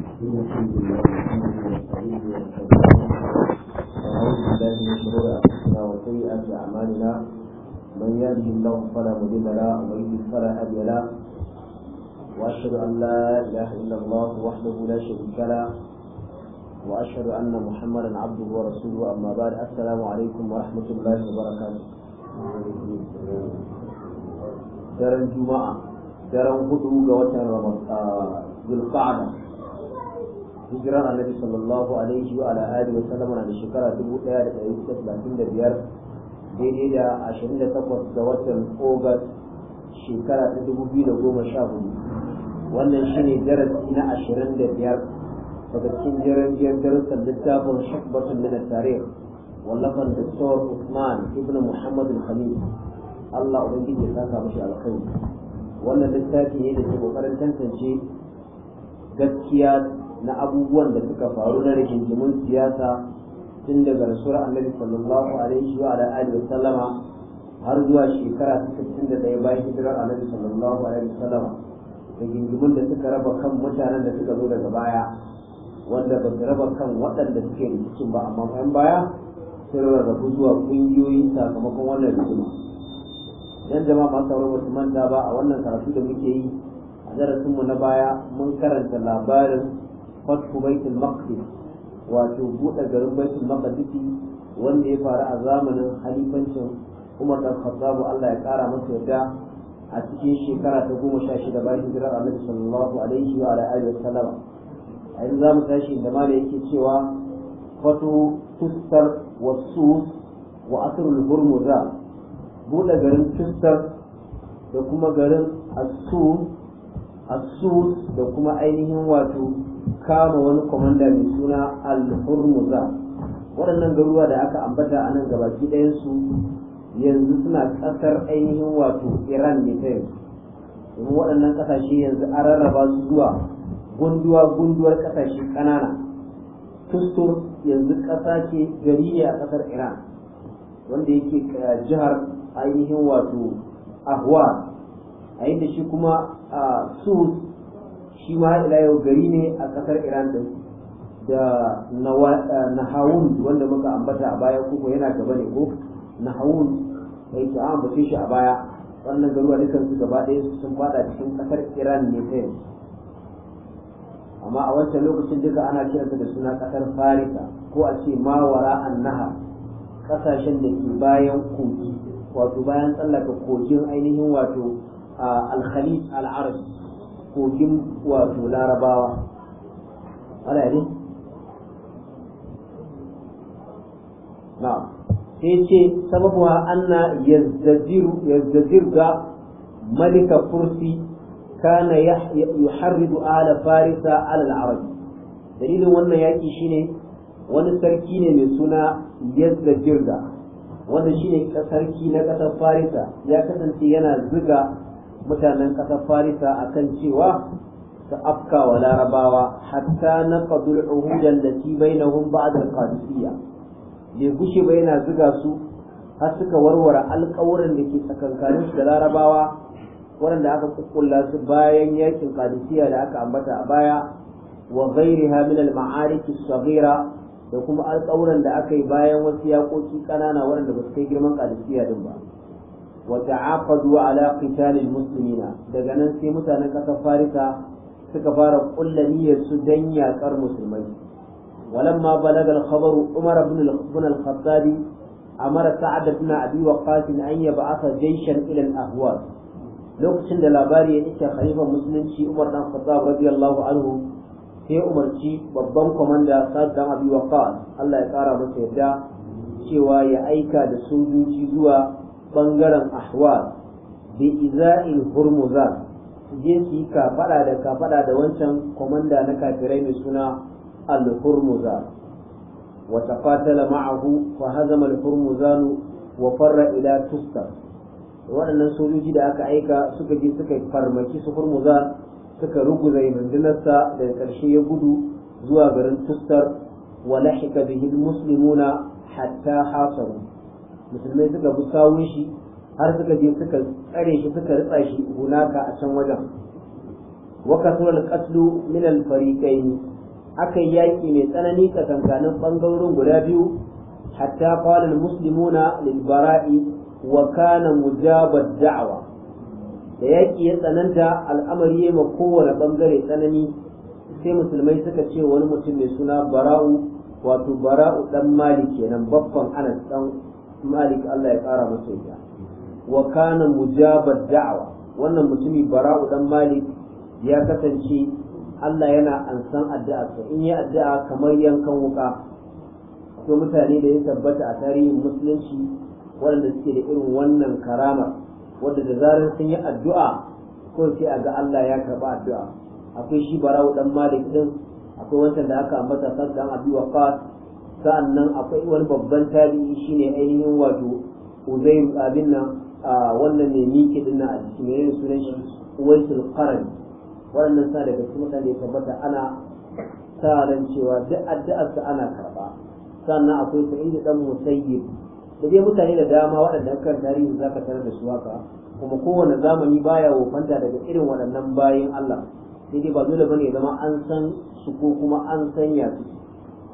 الحمد لله والحمد لله ونعوذ بالله من شرور انفسنا وسيئات من يهده الله فلا مضل له ومن يضلل فلا هادي له واشهد ان لا اله الا الله وحده لا شريك له واشهد ان محمدا عبده ورسوله اما بعد السلام عليكم ورحمه الله وبركاته daren juma'a daren hudu ga watan zulqa'ada ah, hijiran annabi sallallahu alaihi wa ala alihi wa sallam na da shekara 1935 daidai da 28 ga watan August shekara ta 2014 wannan shine darasi na 25 daga cikin jirgin darussan littafin shakbatun na tarih wallafan Dr. Usman ibn Muhammad al-Khalil Allah ubangiji ya saka mashi alkhairi wannan littafi ne da ke kokarin tantance gaskiya na abubuwan da suka faru na rikincimin siyasa tun daga rasuwar annabi sallallahu alaihi wa alihi wa sallama har zuwa shekara ta ɗaya bayan hijirar annabi sallallahu alaihi wa sallama rigingimin da suka raba kan mutanen da suka zo daga baya wanda ba su raba kan waɗanda suke rikicin ba amma bayan baya sun rarrabu zuwa ƙungiyoyin sakamakon wannan rigima yan jama'a masu sauran wasu manta ba a wannan karatu da muke yi a darasinmu na baya mun karanta labarin fathu baitul maqdis wato buɗe garin baitul maqdis wanda ya faru a zamanin halifancin Umar dan Khattab Allah ya kara masa yadda a cikin shekara ta goma sha shida bayan hijirar Annabi sallallahu alaihi wa alihi wa sallam a yanzu zamu tashi da mala yake cewa fatu tustar wa sus wa asrul hurmuza buɗe garin tustar da kuma garin asu asus da kuma ainihin wato kama wani kwamanda mai suna al-hurmuza waɗannan garuruwa da aka ambata a nan gabaki ɗayansu yanzu suna ƙasar ainihin wato iran ne ta yanzu domin waɗannan ƙasashe yanzu an rarraba su zuwa gunduwa gunduwar ƙasashe ƙanana tustur yanzu ƙasa ce gari ne a ƙasar iran wanda yake eh, jihar ainihin wato ahwa a yadda shi kuma a ah, su shi ma ila yau gari ne a kasar iran din da eh, nahawun wanda muka ambata a baya kuma yana gaba ne ko nahawun da yake ambace shi a baya wannan garuwa dukan su gaba ɗaya sun fada cikin kasar iran ne ta yanzu amma a wancan lokacin duka ana kiransa da suna kasar farisa ko a ce mawara naha kasashen da ke bayan kogi wato bayan tsallaka kogin ainihin wato ah, al-arabi kogin wato larabawa ana yi na sai ce sababu ha anna yazzazir ga malika kursi kana yuharridu ala farisa ala al'arabi dalilin wannan yaki shine wani sarki ne mai suna yazzazir ga wanda shine sarki na ƙasar farisa ya kasance yana ziga mutanen ƙasar farisa kan cewa su afka wa larabawa hatta na fadul uhudan da ci bai na hun ba da bai gushe ba yana zuga su har suka warware alƙawuran da ke tsakankanin da larabawa waɗanda aka kukkulla su bayan yakin kadisiyya da aka ambata a baya wa gairi min ma'ariki sagira da kuma alƙawuran da aka yi bayan wasu yaƙoƙi ƙanana waɗanda ba su kai girman kadisiyya din ba وتعاقدوا على قتال المسلمين daga nan sai mutanen ƙasar Farisa suka fara niyyar su dan yakar musulmai walamma balaga al-khabar Umar ibn al-Khattab al-Khattab amara Sa'ad ibn Abi Waqqas an yab'atha lokacin da labari ya isa khalifa musulunci Umar dan Khattab radiyallahu anhu sai umarci babban komanda Sa'ad ibn Abi Allah ya kara masa yadda cewa ya aika da sojoji zuwa bangaren ahwal bi iza'il hurmuzan je su yi kafada da kafada da wancan komanda na kafirai mai suna al-hurmuzan wa tafatala ma'ahu fa hazama al-hurmuzan wa farra ila tusta waɗannan sojoji da aka aika suka je suka farmaki su hurmuzan suka ruguza rundunarsa daga ƙarshe ya gudu zuwa garin tustar wa lahika bihi muslimuna hatta hasaru musulmai suka bi sawun shi har suka je suka tsare shi suka ritsa shi hunaka a can wajen wa kasuwar qatlu min al fariqain akai yaki mai tsanani tsakankanin bangarorin guda biyu hatta qala al muslimuna lil bara'i wa kana mujabad da'wa da yaki ya tsananta al'amari ya ma kowane bangare tsanani sai musulmai suka ce wani mutum mai suna bara'u wato bara'u dan malik kenan baffan anas dan malik Allah ya kara masa yadda wa kana mujabad da'wa wannan mutumi bara'u dan malik ya kasance Allah yana ansan addu'a sa in yi addu'a kamar yankan wuka akwai mutane da ya tabbata a tarihin musulunci waɗanda suke da irin wannan karama wanda da zarar sun yi addu'a ko sai a ga Allah ya karba addu'a akwai shi bara'u dan malik din akwai wancan da aka ambata saddan abi waqas sa'annan akwai wani babban tarihi shine ainihin wato uzairu abin nan wannan ne miki din a cikin yayin sunan shi uwaisul qaran wannan sa daga cikin mutane tabbata ana sa ran cewa duk addu'ar sa ana karba sannan akwai sa'id dan musayyib da dai mutane da dama waɗanda kan tarihi zaka tarar da su haka kuma kowane zamani baya wofanta daga irin waɗannan bayin Allah sai dai ba dole bane ya zama an san su ko kuma an sanya su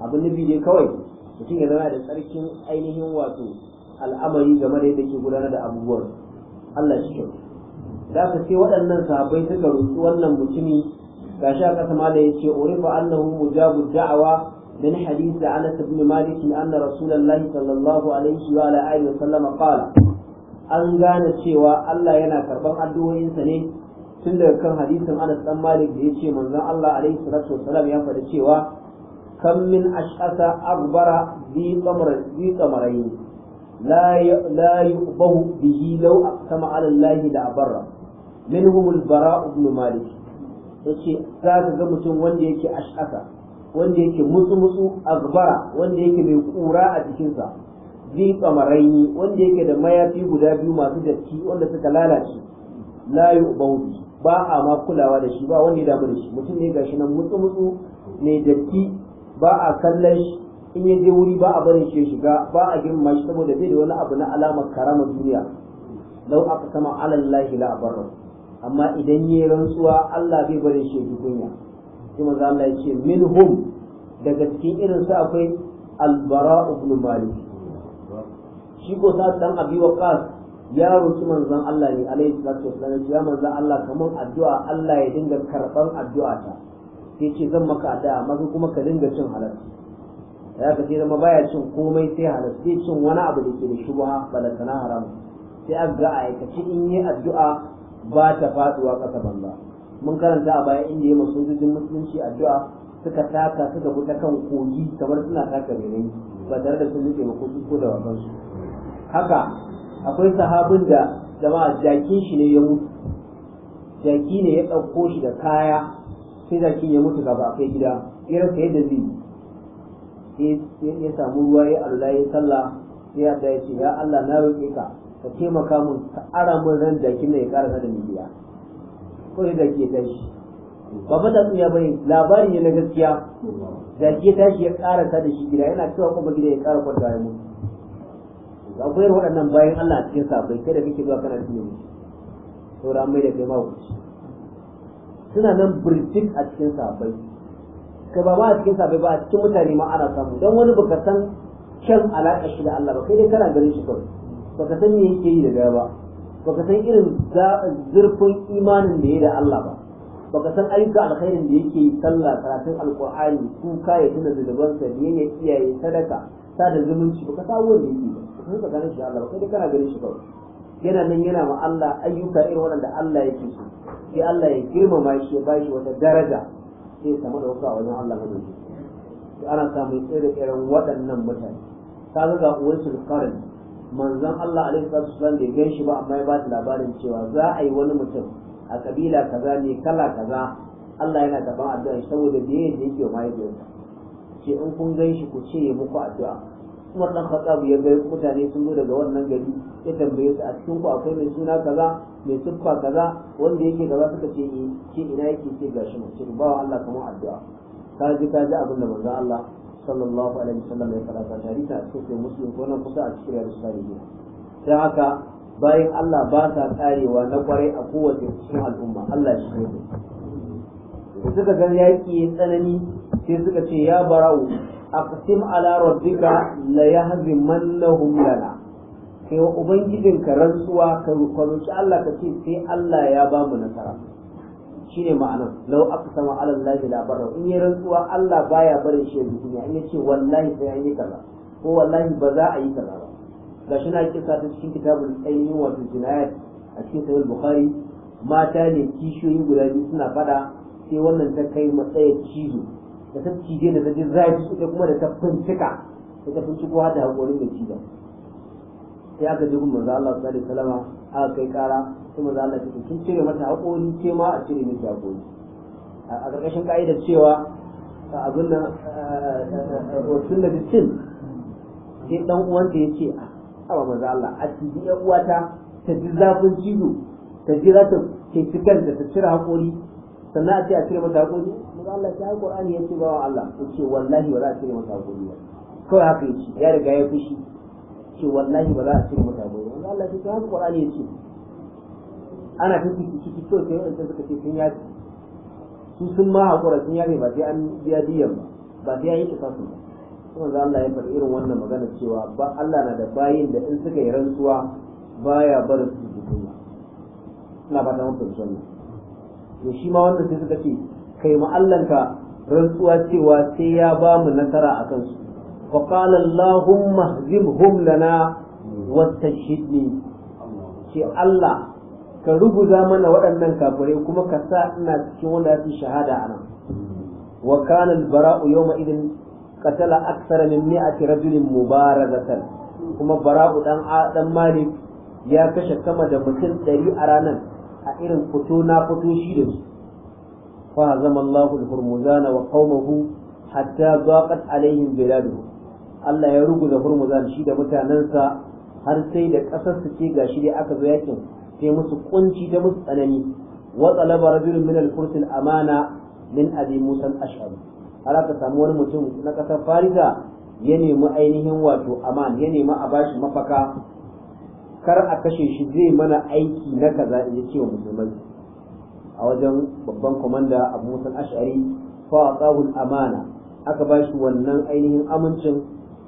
abin nufi dai kawai mutum ya zama da tsarkin ainihin wato al'amari game da yadda ke gudanar da abubuwan Allah shi kyau da ka ce waɗannan sahabbai suka rusu wannan mutumi gashi a ƙasa ma da ya ce urifa annahu mujabu da'awa min hadisi Anas ibn Malik anna sallallahu alaihi wa ala alihi wa sallam qala an gane cewa Allah yana karban addu'o'insa ne tun daga kan hadisin Anas dan Malik da ya ce manzon Allah alaihi salatu Salam) ya faɗi cewa كم من أشأس أغبر ذي قمر ذي قمرين لا لا يؤبه به لو أقسم على الله لأبره منهم البراء بن مالك yace za ka ga mutum wanda yake ash'asa wanda yake mutsu-mutsu azbara wanda yake mai kura a jikinsa zai tsamarai wanda yake da mayafi guda biyu masu datti wanda suka lalace la yu'baudi ba a ma kulawa da shi ba wanda ya damu da shi mutum ne gashi nan mutsu-mutsu ne datti ba a kallon in ya je wuri ba a barin shi shiga ba a girma shi saboda bai da wani abu na alamar karamar duniya lau aka sama alallahi la abarra amma idan yi rantsuwa Allah bai barin shi kunya sai manzo Allah ya ce minhum daga cikin irin su akwai albara ibn malik shi ko sa dan abi waqas ya roki manzon Allah ne alaihi salatu wasallam ya manzon Allah kamar addu'a Allah ya dinga karɓar addu'a ta sai ce zan maka addu'a amma kuma ka dinga cin halal ya ka sai zama baya cin komai sai halal sai cin wani abu da ke da shubha balantana haram sai an ga aikace in yi addu'a ba ta faduwa kasa banza mun karanta a baya inda ya masojojin musulunci addu'a suka taka suka da kan kogi kamar suna taka benin ba tare da sun nuke ba ko su ko da wakansu haka akwai sahabin da jama'a jakin shi ne ya mutu jaki ne ya ɗauko shi da kaya sai ki ya mutu gaba a kai gida ya rasa yadda zai ya samu ruwa ya Allah ya sallah sai ya da ya ce ya Allah na roƙe ka ka taimaka mun ka ara mun ran jakin ne ya ƙara da miliya ko ya zaki ya tashi ba fa tatsuniya bane labari ne na gaskiya zaki ya tashi ya ƙara da shi gida yana cewa kuma gida ya ƙara kwanta ya mutu akwai waɗannan bayan Allah a cikin sabai kai da kake zuwa kana cikin mutu saura mai da kai ma suna nan birtik a cikin sabai kai ba ba a cikin sabai ba a cikin mutane ma ana samu don wani baka san kyan alaƙa shi da Allah ba kai dai kana ganin shi kawai baka san me yake yi da gaba ba baka san irin zurfin imanin da ya da Allah ba baka san ayyuka alkhairin da yake yi sallah karatun alqur'ani kuka ya tuna zuban sa ne ya iyaye sadaka sada zumunci baka san wanda yake ba kai ka ganin shi Allah ba kai dai kana ganin shi kawai yana nan yana ma Allah ayyuka irin waɗanda Allah yake so sai Allah ya girmama shi ya bashi wata daraja sai ya samu wuka a wajen Allah mai to ana samun irin irin waɗannan mutane ta ga uwaisul karin manzon Allah alaihi salatu wasallam da gan shi ba amma ya ba shi labarin cewa za a yi wani mutum a kabila kaza ne kala kaza Allah yana gaban addu'a saboda da yake yake wa ce in kun gan shi ku ce muku addu'a Umar dan Khattab ya ga mutane sun zo daga wannan gari ya tambaye su a cikin ku akwai mai suna kaza mai siffa kaza wanda yake kaza suka ce eh ke ina yake ce gashi mu ce ba Allah kamar addu'a ka ji ka ji abin da manzon Allah sallallahu alaihi wasallam ya fara ta a cikin muslim ko nan kusa a cikin riyadus salihin dan haka bayan Allah ba ta karewa na kwarai a kowace cikin al'umma Allah shi ne suka ga yaki tsanani sai suka ce ya bara'u aqsim ala rabbika la yahzimannahum lana kai wa ka rantsuwa ka rukunci Allah ka ce sai Allah ya ba mu nasara shine ma'anar law aqsama ala Allah la barra in yi rantsuwa Allah baya barin shi a duniya in yace wallahi sai an yi kaza ko wallahi ba za a yi kaza ba gashi na kisa ta cikin kitabul ayyi wa jinayat a cikin sahih bukhari mata ne kishiyoyi guda biyu suna fada sai wannan ta kai matsayar cizo da ta cije da ta ji zafi ita kuma da ta fincika da ta finciko har da haƙorin da ciza sai aka ji manzo Allah sallallahu alaihi wasallam aka kai kara sai manzo Allah ya ce kin cire mata haƙori ce ma a cire miki haƙori a ƙarƙashin ka'idar cewa abin nan wasun da cin sai dan uwan da yake a awa manzo Allah a cikin yan uwata ta ji zafin cizo ta ji za ta ke cikin da ta cire haƙori sannan a ce a cire mata haƙori manzo Allah ta yi Qur'ani yace ba wa Allah yace wallahi ba za a cire masa hakuri ba kawai haka yace ya riga ya fushi ce wallahi ba za a cire masa hakuri manzo Allah ta yi Qur'ani yace ana ta ciki ciki to sai wanda suka ce sun yaki su sun ma hakura sun yafi ba sai an biya diyan ba ba sai an yi ta sun kuma za Allah ya faɗi irin wannan magana cewa ba Allah na da bayin da in suka yi rantsuwa baya bar su su duniya ina ba ta mafi to shi ma wannan sai suka ce kai ma'allanka rantsuwa cewa sai ya ba mu nasara a kansu fa qala allahumma hzimhum lana wastashhidni ce Allah ka ruguza mana waɗannan kafirai kuma ka sa ina cikin wanda su shahada ana. wa kana al-bara'u yawma idin qatala a min mi'ati rajulin mubarazatan kuma bara'u dan dan malik ya kashe sama da mutum ɗari a ranar, a irin fito na fito shi da su فهزم الله الهرمزان وقومه حتى ضاقت عليهم بلاده Allah ya ruguza Hurmuzan shi da mutanensa har sai da ƙasar su ce gashi dai aka zo yakin sai musu kunci ta musu tsanani wa talaba rajulun min al amana min abi musa al-ash'ari har aka samu wani mutum na ƙasar Farisa ya nemi ainihin wato aman ya nemi a bashi mafaka kar a kashe shi zai mana aiki na kaza in ce wa musulmai a wajen babban komanda abu musan ash'ari fa aqahu amana aka ba shi wannan ainihin amincin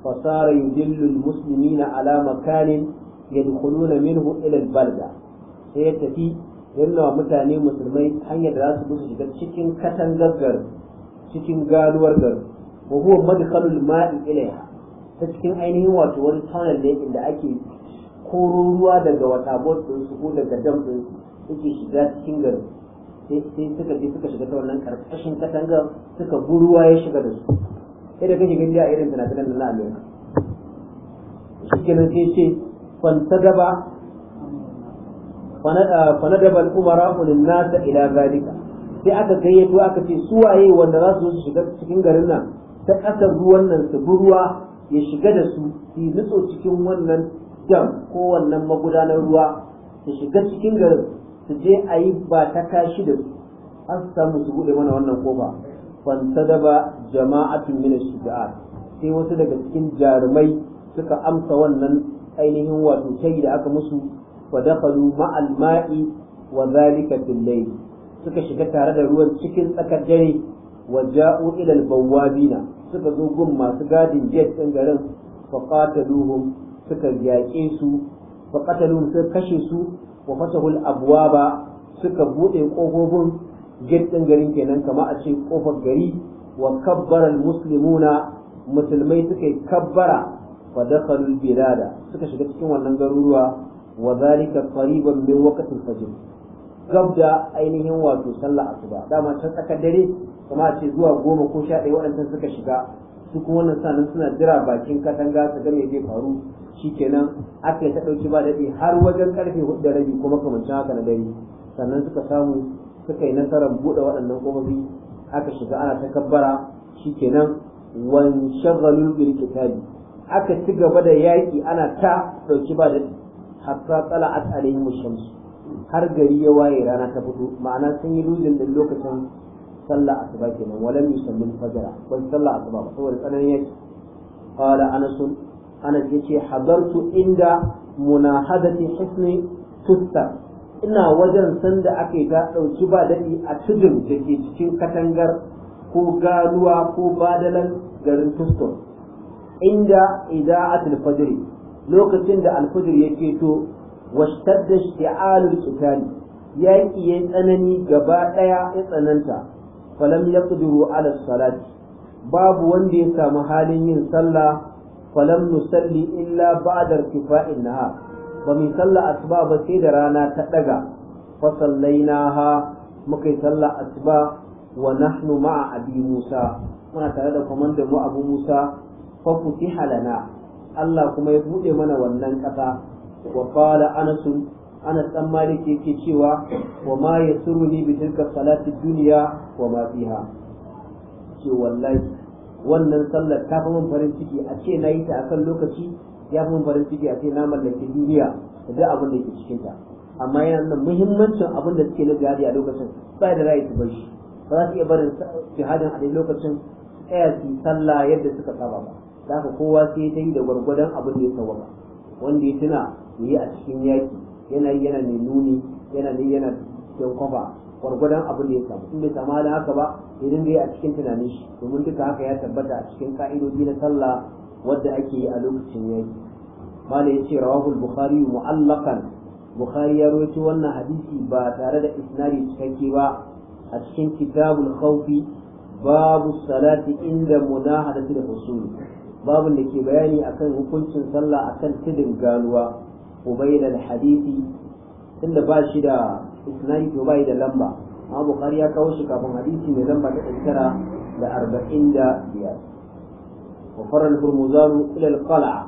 fasara yudillu muslimina ala makanin yadkhuluna minhu ila balda sai ya tafi yana mutane musulmai hanyar da za su gusa shiga cikin katangar cikin galuwar garin wa huwa madkhalul ma'i ilaiha ta cikin ainihin wato wani tunnel ne inda ake koro ruwa daga wata bot din su ko daga dam din su yake shiga cikin garin sai suka bi suka shiga ta wannan karkashin katangar suka buruwa ya shiga da su sai da kake gani a irin tunanin na Amerika shi kenan sai ce fantagaba ah, fanadaba al'umara ulin nasa ila zalika sai aka gayyato aka ce su waye wanda za su zo su shiga cikin garin nan ta ƙasar ruwan nan su buruwa ya shiga da su su nutso cikin wannan dam ko wannan magudanar ruwa su shiga cikin garin su je a yi ba ta kashi da su an samu su buɗe mana wannan kofa ba jama'atun mina shiga'a sai wasu daga cikin jarumai suka amsa wannan ainihin wato shayi da aka musu fa dakhalu ma'al ma'i wa zalika fillai suka shiga tare da ruwan cikin tsakar dare wa ja'u ila suka zo gun masu gadin jet ɗin garin fa qataluhum suka yaƙe su fa qataluhum suka kashe su wa fatahul abwaba suka bude kofofin girdin garin kenan kama a ce kofar gari wa kabbara muslimuna musulmai suka yi kabbara fa dakhalul bilada suka shiga cikin wannan garuruwa wa zalika qariban min waqtil fajr gabda ainihin wato sallah asuba dama can tsakar dare kuma a ce zuwa goma ko sha ɗaya waɗannan suka shiga su kuma wannan sanin suna jira bakin katanga su ga me zai faru shikenan aka yi ta ɗauki ba daɗi har wajen karfe hudu da rabi kuma kamancin haka na dare sannan suka samu suka yi nasarar buɗe waɗannan kofofi aka shiga ana ta kabbara shikenan wan shagalu bil kitabi aka ci gaba da yaƙi ana ta ɗauki ba daɗi tsala tsala'at alaihim shams har gari ya waye rana ta fito ma'ana sun yi luzin din lokacin sallah asuba kenan walam yusallu fajr wa sallah asuba saboda tsananin yaƙi qala anasun anas ce hadartu inda munahadati hisni tusta ina wajen sanda ake ga dauki ba daɗi a tudun da ke cikin katangar ko galuwa ko badalan garin tuston inda ida'atul fajr lokacin da alfajr yake to washtadda shi'alul qitali yaki yayi tsanani gaba daya ya tsananta falam yaqdiru ala salati babu wanda ya samu halin yin sallah falam nusalli illa badar kifa'in ha ba mu sallah asuba ba sai da rana ta daga fa ha muka yi salla asuba wa nahnu ma'a abi musa muna tare da kwamandan mu abu musa fa futiha lana Allah kuma ya bude mana wannan kasa wa qala anas anas dan malik yake cewa wa ma yasuruni bi tilka salati dunya wa ma fiha ce wallahi wannan sallar ta fi mun farin ciki a ce na yi ta a kan lokaci ya fi mun farin ciki a ce na mallaki duniya da duk abin da ke cikin ta amma yana nan muhimmancin abin da suke na jihadi a lokacin ba da ra'ayi su bar shi ba za su iya barin jihadin a lokacin tsaya su sallah yadda suka saba ba da haka kowa sai ta yi da gwargwadon abin da ya ba wanda ya tuna ya yi a cikin yaki yana yi yana mai nuni yana ne yana yan kwafa gwargwadon abin da ya samu in bai samu halin haka ba idan bai yi a cikin tunanin shi domin duka haka ya tabbata a cikin ka'idodi na sallah wadda ake yi a lokacin yaki. mala ya ce rawahul bukhari mu'allakan bukhari ya rawaito wannan hadisi ba tare da isnari cikakke ba a cikin kitabul khawfi babu salati inda munahadatu da husuli babun da ke bayani akan hukuncin sallah akan tudun galuwa ubaidal hadisi tunda ba shi da isnadi to bai da lamba amma bukari ya kawo shi kafin hadisi mai lamba ta tara da arba'in da biyar wa faral hurmuzanu ila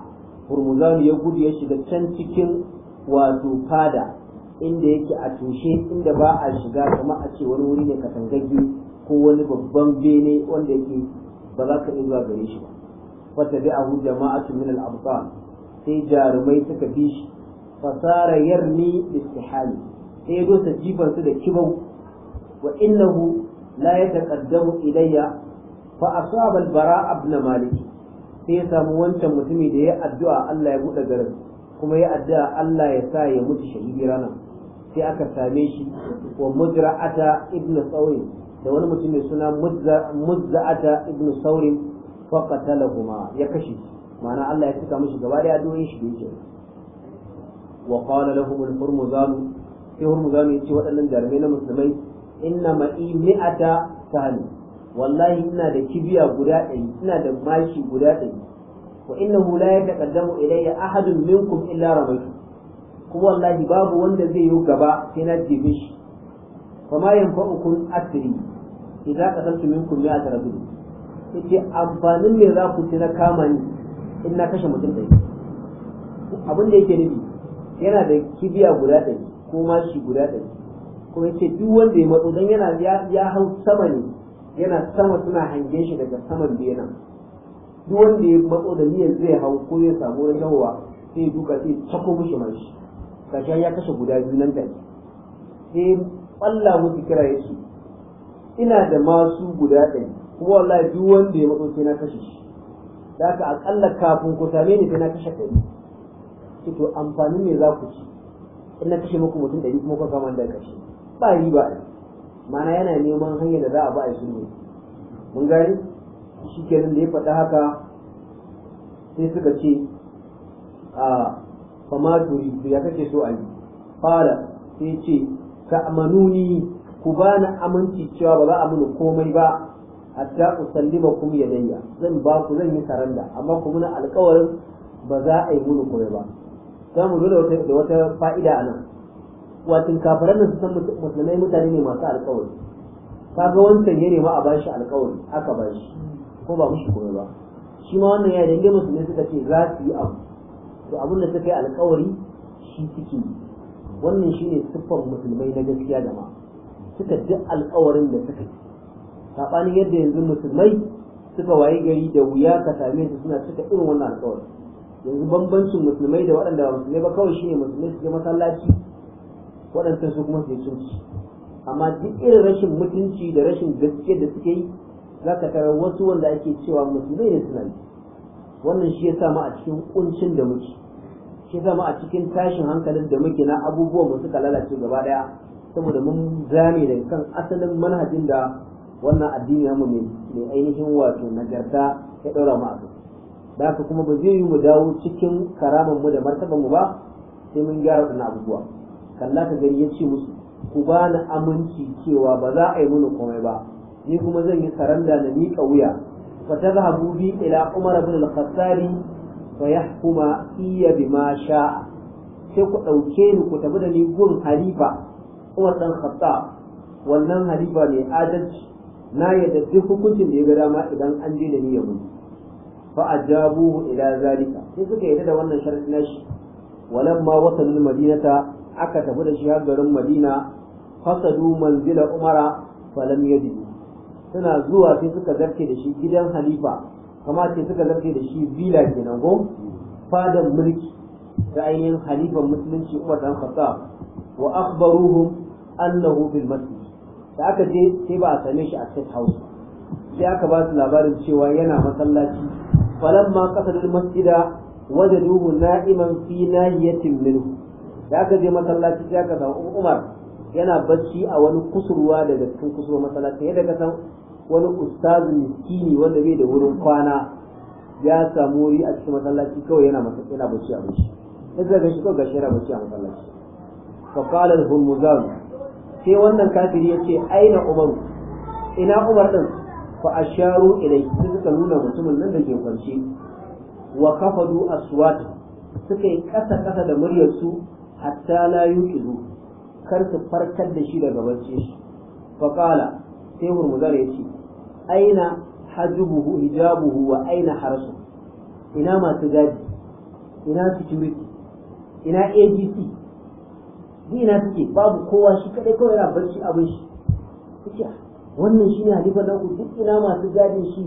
hurmuzanu ya gudu ya shiga can cikin wato fada inda yake a tushe inda ba a shiga kuma a ce wani wuri ne katangagge ko wani babban bene wanda yake ba za ka iya zuwa gare shi ba wata bi'ahu jama'atu min al-abtan sai jarumai suka bi shi fasara yarni istihali sai ya dosa jifarsu da kibau wa innahu la yataqaddamu ilayya fa asaba al-bara ibn malik sai ya samu wancan mutumi da ya addu'a Allah ya bude garin kuma ya addu'a Allah ya sa ya mutu shahidi ranar sai aka same shi wa muzra'ata ibn saurin da wani mutum mai suna muzza'ata ibn saurin fa qatalahuma ya kashe ma'ana Allah ya tuka mishi gaba da addu'o'in shi da yake wa qala lahum al-hurmuzanu sai mu ya ce waɗannan jarumai na musulmai inna ma'i mi'ata sahani wallahi ina da kibiya guda ɗari ina da mashi guda ɗari wa innahu idan ya ilayya ahadun minkum illa ramaytu kuma wallahi babu wanda zai yi gaba sai na jibe shi fa ma yanfa'ukum asri idza qataltu minkum mi'ata sai ce amfanin me za ku ci na kama ni in na kashe mutum ɗari abin da yake nufi yana da kibiya guda ɗari ko shi guda ɗari kuma yace duk wanda ya matso dan yana ya hau sama ne yana sama suna hangen shi daga saman bena duk wanda ya matso da niyyar zai hau ko ya samu wani yawa sai duka sai cako mishi shi. kashi ya kashe guda biyu nan take sai Allah musu kira ce ina da masu guda ɗari kuma wallahi duk wanda ya matso sai na kashe shi da aka aƙalla kafin ku same ni sai na kashe ɗari to amfani me za ku ci in na kashe muku mutum ɗari kuma kuka kama da kashe ba yi ba mana yana neman hanyar da za a ba a sulhu mun gani shi kenan da ya faɗa haka sai suka ce a famatori da ya kake so a yi fara sai ce ka amanuni ku ba na aminci cewa ba za a mini komai ba hatta sallima kum yadayya zan ba ku zan yi saranda amma kuma na alƙawarin ba za a yi mini komai ba za mu zo da wata fa'ida a nan wacin kafiran nan su san musulmai mutane ne masu alkawari ga wancan ya nema a bashi alkawari aka bashi ko ba mushi koyo ba shi ma wannan ya dange musulmai suka ce za su yi abu to abin da suka yi alkawari shi suke Wannan shi ne siffar musulmai na gaskiya da ma suka ji alkawarin da suka yi saɓanin yadda yanzu musulmai suka waye gari da wuya ka same su suna cika irin wannan alkawarin yanzu bambancin musulmai da waɗanda ba musulmai ba kawai shine musulmai suke masallaci waɗanda su kuma su yi amma duk irin rashin mutunci da rashin gaske da suke yi za ka tarar wasu wanda ake cewa musulmai ne suna yi wannan shi ya sa mu a cikin kuncin da muke shi ya sa mu a cikin tashin hankalin da muke na abubuwan mu suka lalace gaba daya saboda mun zame da kan asalin manhajin da wannan addini mu mai ainihin wato nagarta ya ɗaura mu a kai da haka kuma ba zai yi mu dawo cikin karaman mu da martaban mu ba sai mun gyara wannan abubuwa kalla ka gani yace musu ku ba ni aminci cewa ba za a yi mini komai ba ni kuma zan yi saranda na miƙa wuya fa Habu bi ila umar bin al-khattabi fa yahkuma iya bima sha'a sai ku ɗauke ni ku tafi da ni gurin halifa umar dan khattab wannan halifa mai adalci na yadda duk hukuncin da ya ga dama idan an je da ni ya fa ajabuhu ila zalika sai suka yi da wannan sharadi nashi walamma wasalul madinata aka tafi da shi har garin madina fasadu manzila umara falam yajidu suna zuwa sai suka zarce da shi gidan halifa kamar sai suka zarce da shi villa kenan ko fadan mulki da ainihin halifan musulunci umar dan khattab wa akhbaruhum annahu fil masjid da aka je sai ba a same shi a state house sai aka ba su labarin cewa yana masallaci falamma qasadul masjida wajaduhu na'iman fi nahiyatin minhu da aka je masallaci sai aka samu Umar yana bacci a wani kusurwa daga cikin kusurwa masallaci yadda ka san wani ustazu miskini wanda bai da wurin kwana ya samu wuri a cikin masallaci kawai yana yana bacci a bacci yadda ga shi kawai gashi yana bacci a masallaci fa qala al sai wannan kafiri yace aina Umar ina Umar din fa asharu ilai suka nuna mutumin nan da ke kwance wa kafadu aswata suka yi kasa kasa da muryar su hatta la yuqidu kar su farkar da shi daga bacci shi fa qala sai hurmuzar ya ce aina hajubuhu hijabuhu wa aina harsu ina masu gadi ina security ina agc ni ina suke babu kowa shi kadai kawai yana barci abin shi suke wannan shi ne halifa na uku, duk ina masu gadin shi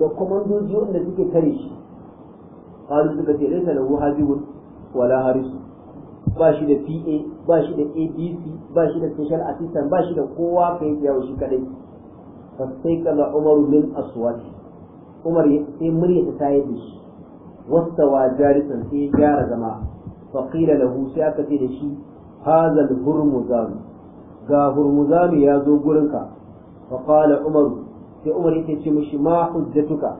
da komandoji wanda suke kare shi haris suka ce laisa lahu hazibun wala haris ba shi da pa ba shi da abc ba shi da special assistant ba shi da kowa kai yawo shi kadai sai kala Umar min aswati umar sai murya ta tayar da shi wastawa jarisan sai gyara zama qila lahu sai aka ce da shi hazal hurmuzanu ga hurmuzanu ya zo gurinka فقال عمر في عمر يتي مش ما حجتك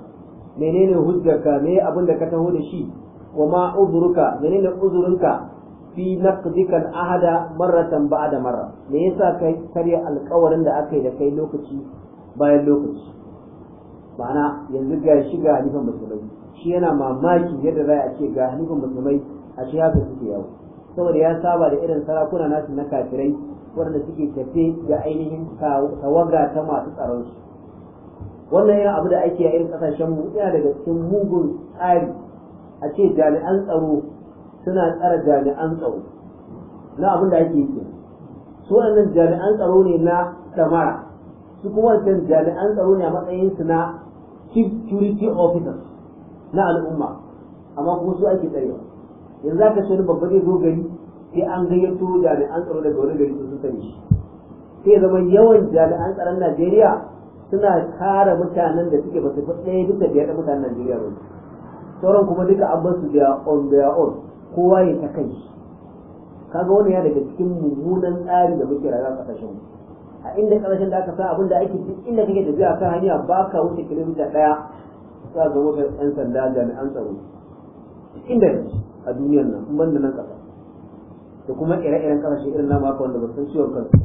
منين حجتك ما أبن لك تهود شيء وما عذرك منين عذرك fi naqdika al-ahada marratan ba'da marra me yasa kai karya alƙawarin da aka yi da kai lokaci bayan lokaci ma'ana yanzu ga shi ga halifan shi yana mamaki yadda raya a ce ga halifan musulmai a shi haka suke yawo saboda ya saba da irin sarakuna nasu na kafirai wanda suke tafe da ainihin tawaga ta masu tsaron su wannan yana abu da ake yayin kasashen mu yana daga cikin mugun tsari a ce jami'an tsaro suna tsara jami'an tsaro na abin da ake yi su wannan jami'an tsaro ne na damara su kuma wancan jami'an tsaro ne a matsayin su na chief security officers na al'umma amma kuma su ake tsarewa yanzu aka ce wani babba zai zo gari sai an gayyato jami'an tsaro daga wani gari sun sani shi sai zama yawan jami'an tsaron Najeriya suna kare mutanen da suke basu fi ɗaya duk da biyar da mutanen Najeriya ba sauran kuma duka an basu biya on biya on kowa ya ta kai kaga wani ya daga cikin mummunan tsari da muke rayuwa kasashen a inda kasashen da aka sa abin da ake duk inda kake da tafiya kan hanya ba ka wuce kilomita ɗaya za ga wajen 'yan sanda jami'an tsaro inda a duniyar nan ban da nan kasa da kuma ire-iren kasashe irin na maka wanda ba san ciwon kansu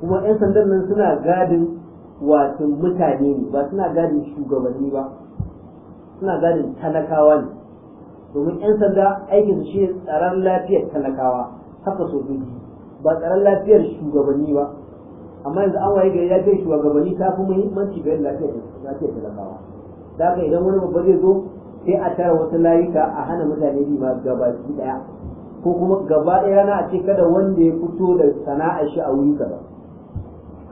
kuma 'yan sandan nan suna gadin wato mutane ne ba suna gadin shugabanni ba suna gadin talakawa ne domin 'yan sanda aikin su shi tsaron lafiyar talakawa haka sojoji ba tsaron lafiyar shugabanni ba amma yanzu an waye gari lafiyar shugabanni ta fi muhimmanci ga lafiyar talakawa da haka idan wani babba zai zo sai a tara wasu layuka a hana mutane bi ma gabaki daya ko kuma gaba ɗaya rana a ce kada wanda ya fito da sana'a shi a wuri kaza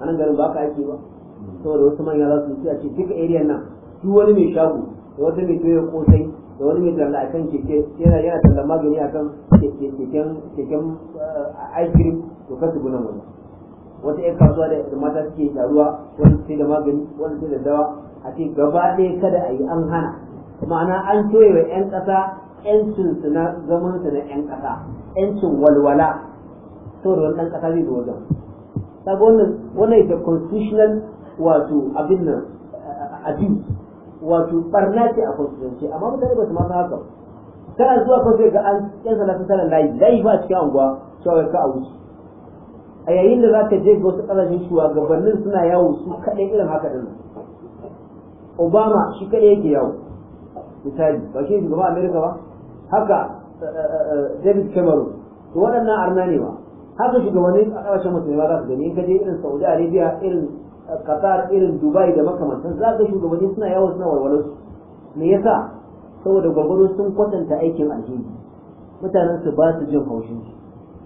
a nan garin ba ka aiki ba saboda wasu manya za su ce a ce duka area nan duk wani mai shago da wata mai doya kosai da wani mai talla akan keke yana yana tallan magani akan keken keken eh, ice cream to ka su gunan wani wata yan kasuwa da mata suke taruwa wani sai da magani wani sai da dawa a ce gaba ɗaya kada a yi an hana ma'ana an toye wa 'yan ƙasa yancin su na zaman su na yan ƙasa yancin walwala to da wannan ƙasa zai zo kaga wannan wannan da constitutional wato abin nan abin wato barna ce a constitution amma mutane ba su ma haka kana zuwa ko sai ga an yan salatin salan layi layi ba cikin anguwa cewa ka a wuce a yayin da za ka je ga wasu ƙasashen shugabannin suna yawo su kaɗai irin haka ɗin obama shi kaɗai yake yawo misali ba shi shugaba amerika ba haka eh, eh, eh, David Cameron to waɗannan arna ne ba haka shugabannin a ƙarshen musulmi za su gani in ka je irin Saudi Arabia irin Qatar irin Dubai da makamantan za ka shugabanni suna yawon suna walwalar su me yasa saboda gwagwaro sun kwatanta aikin alheri mutanen su ba su jin haushin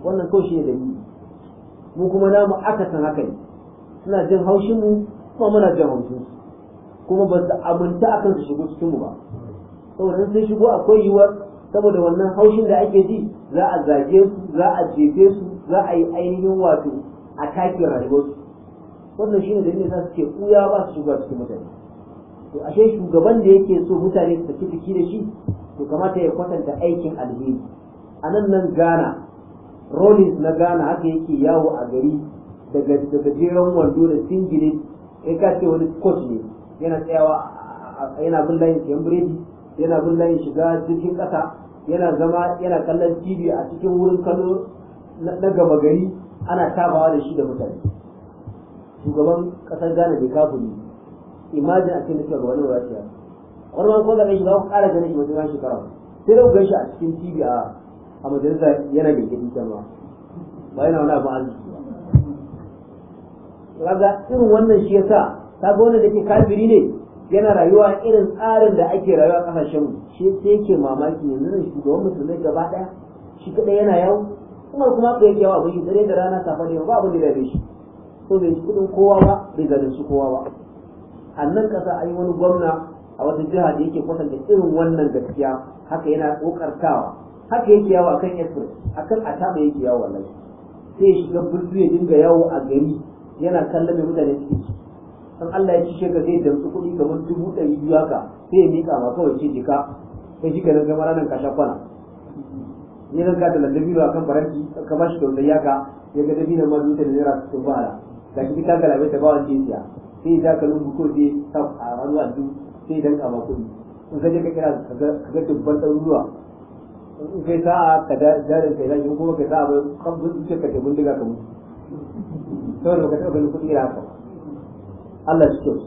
wannan kawai shi ne dalili mu kuma na mu san haka ne suna jin haushin mu kuma muna jin haushin su kuma ba su aminta akan su shigo cikin mu ba saboda sai shigo akwai yiwuwar saboda wannan haushin da ake ji za a zage su za a jefe su za a yi ainihin wato a take rayuwarsu wannan shine da za su ke kuya ba su shiga cikin mutane to ashe shugaban da yake so mutane su tafi ciki da shi to kamata ya kwatanta aikin alheri a nan nan Ghana Rollins na gana haka yake yawo a gari daga gajeren wando da singile kai ka wani kot ne yana tsayawa yana bin layin sayan biredi yana bin layin shiga jirgin kasa yana zama yana kallon tv a cikin wurin kallo na gama gari ana tabawa da shi da mutane shugaban kasar ghana bai kafin imajin a cikin da shugaban wani rashiya wani ma ko da shi za ku ƙara ganin shi wajen shekara sai da ku shi a cikin tv a a majalisa yana gidi ta ba yana wani abu arziki ba Raga irin wannan shi yasa ta ga da ke kafiri ne yana rayuwa irin tsarin da ake rayuwa a kasashen shi sai yake mamaki yanzu ne shugaban musulmai gaba ɗaya. shi kaɗai yana yawo kuma kuma ka yake yawa abin dare da rana safa da ba abin da ya shi ko bai shi kuɗin kowa ba bai su kowa ba a nan kasa an yi wani gwamna a wata jiha da yake kwatanta irin wannan gaskiya haka yana ƙoƙartawa haka yake yawo akan kan akan taɓa yake yawo wallahi sai ya shiga bulbu ya dinga yawo a gari yana kallon mai mutane suke in Allah ya cishe ka zai damsu kuɗi kamar dubu ɗari biyu haka sai ya miƙa ma kawai ce jika sai shi ka nan zama ranar kashe kwana ne nan ka da landabi a kan faranti ka ba shi da wanda yaka ya ga dabi na ma zuta da naira sun fara ga shi ka galabe ta bawan ce siya sai ya ka lungu ko sai ta a hannu a sai dan ka ma kuɗi in ka je ka kira ka ga dubban ɗaruruwa in kai sa'a ka jarin kai zaki kuma kai sa'a bai kan zuciya ka ke bindiga ka mutu saboda ka taɓa ganin kuɗi ya haka Allah shi kyau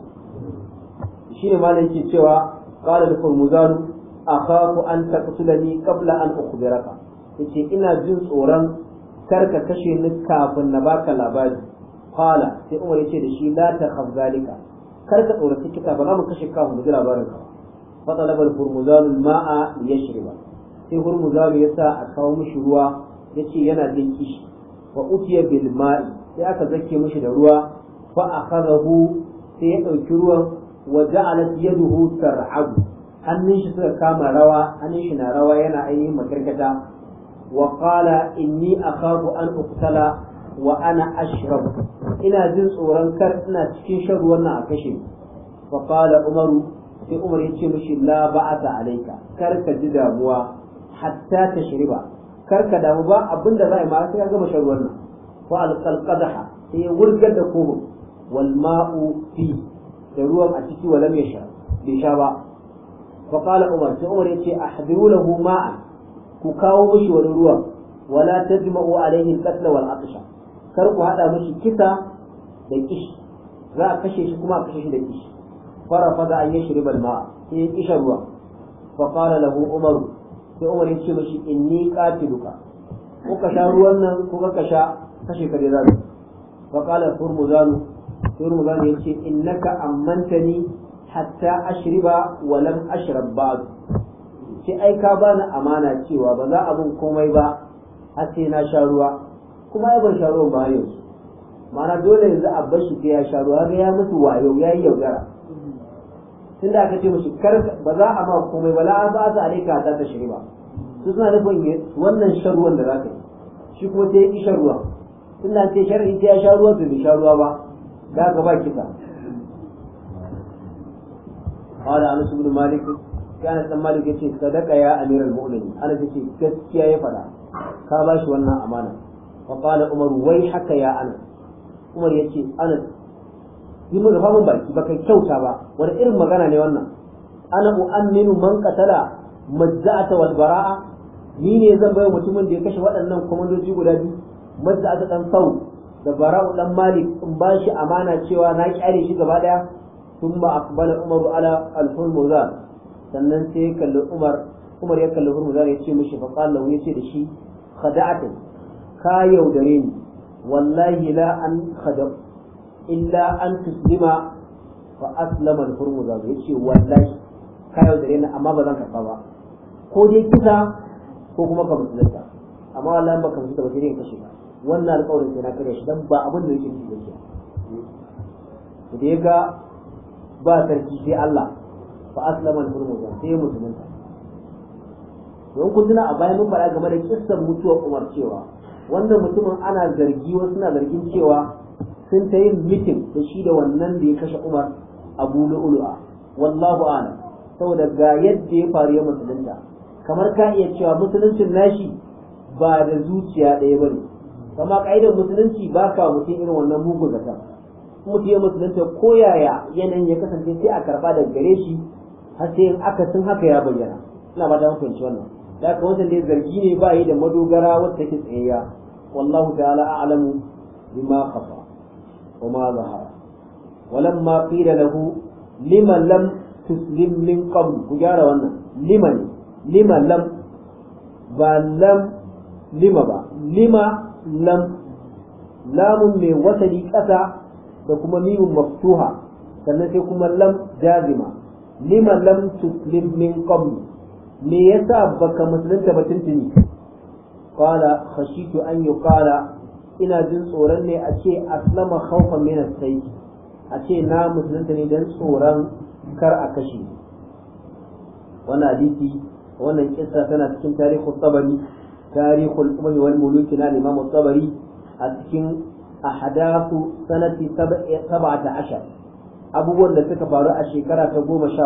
shi ne malai yake cewa qala al a akhafu an taqtulani ƙabla an ukhbiraka yace ina jin tsoron karka kashe ni kafin na baka labari qala sai umar yace da shi la ta khazalika karka tsoraci kika, ba za mu kashe ka mu ji labarin ka fa talaba al-furmuzan ma'a liyashriba sai hurmuzan ya sa a kawo mishi ruwa yace yana jin kishi wa utiya bil sai aka zake mishi da ruwa fa akhadahu sai ya ɗauki ruwan wa ja'alat yaduhu tar'abu hannun shi suka kama rawa hannun shi na rawa yana ainihin makarkata wa qala inni akhafu an uqtala wa ana ashrab ina jin tsoron kar ina cikin shan ruwan nan a kashe fa qala umaru sai umar ya ce mishi la ba'ata alayka kar ka ji damuwa hatta tashriba kar ka damu ba abinda za a yi ma sai ka gama shan ruwan nan fa alqalqadaha sai ya wurgar da kofin wal ma'u da ruwan a ciki walam ya sha bai sha ba fa qala umar sai umar yace ahdiru lahu ma'an ku kawo mishi wani ruwa wala tajma'u alayhi al-qatl wal aqsha kar ku haɗa mishi kisa da kishi za a kashe shi kuma a kashe shi da kishi fara an yashriba al-ma'a sai ya kisha ruwa fa qala umar sai umar yace mishi inni qatiluka ko ka sha ruwan nan ko ka sha kashe ka dai za ka fa qala furmuzanu sai Ramadan ya ce innaka ni hatta ashriba wa lam ashrab ba ce ai ka bani amana cewa ba za a bin komai ba A ce na sha ruwa kuma ai ban sha ruwan ba yanzu mana dole yanzu a bar shi sai ya sha ruwa ga ya mutu wayo ya yi yaudara tunda aka ce mishi kar ba za a ba komai ba la ba za a rika ta ta shiri ba su suna nufin wannan sharuwan da za ka yi shi kuma sai ya ƙi sharuwa tunda an ce sharri sai ya sha ruwa to bai sha ruwa ba da ga ba kisa qala anas ibn malik kana dan malik ce, sadaka ya amiral mu'minin anas ce gaskiya ya fada ka ba shi wannan amana fa qala umar wai haka ya ana? umar ya ce, ana yi mu rufa mun baki baka kyauta ba wani irin magana ne wannan ana mu'amminu man qatala a wal bara'a ni ne zan bai mutumin da ya kashe waɗannan komandoji guda biyu a ta ɗan sau da bara'u dan malik in ba shi amana cewa na kyare shi gaba daya thumma aqbala umar ala alfur hurmuzan sannan sai ya kalli umar umar ya kalli hurmuzan ya ce mishi fa qala ya ce da shi khada'atan ka yaudare ni wallahi la an khadam illa an tuslima fa aslama al-hurmuzan ya ce wallahi ka yaudare ni amma ba zan karba ba ko dai kisa ko kuma ka musulunta amma wallahi ba ka musulunta ba sai dai in kashe ka wannan alƙawarin sai na kare shi dan ba abin da yake nufi yake da ya ga ba sarki sai Allah fa aslama al-hurmuza sai ya ta. don kun tuna a bayan mun faɗa game da kissar mutuwar Umar cewa wannan mutumin ana zargi wasu na zargin cewa sun ta yin mitin da shi da wannan da ya kashe Umar Abu Lu'lu'a wallahu a'lam saboda ga yadda ya faru ya musulunta kamar ka iya cewa musuluncin nashi ba da zuciya ɗaya bane kama ka'idar musulunci ba ka mutum irin wannan mugun zata mutum ya musulunta ko yaya yanayin ya kasance sai a karba daga gare shi har sai in aka sun haka ya bayyana ina ba da hukunci wannan da ka wannan dai zargi ne ba yi da madogara wacce take tsayayya wallahu ta'ala a'lamu bima khafa wa ma zahara walamma qila lahu liman lam tuslim min qabl ku gyara wannan liman liman lam ba lam lima ba lima lam lamun mai wasali ƙasa da kuma mimun maftuha sannan sai kuma lam jazima lima lam tuslim min qabl me yasa baka musulunta ba tuntuni qala khashitu an yuqala ina jin tsoron ne a ce aslama khawfan min as-sayf a ce na musulunta ne dan tsoron kar a kashe wannan hadisi wannan kissa tana cikin tarihi tsabani tarihul umami wal muluki na Imam Tabari a cikin ahdathu sanati 17 abubuwan da suka faru a shekara ta 17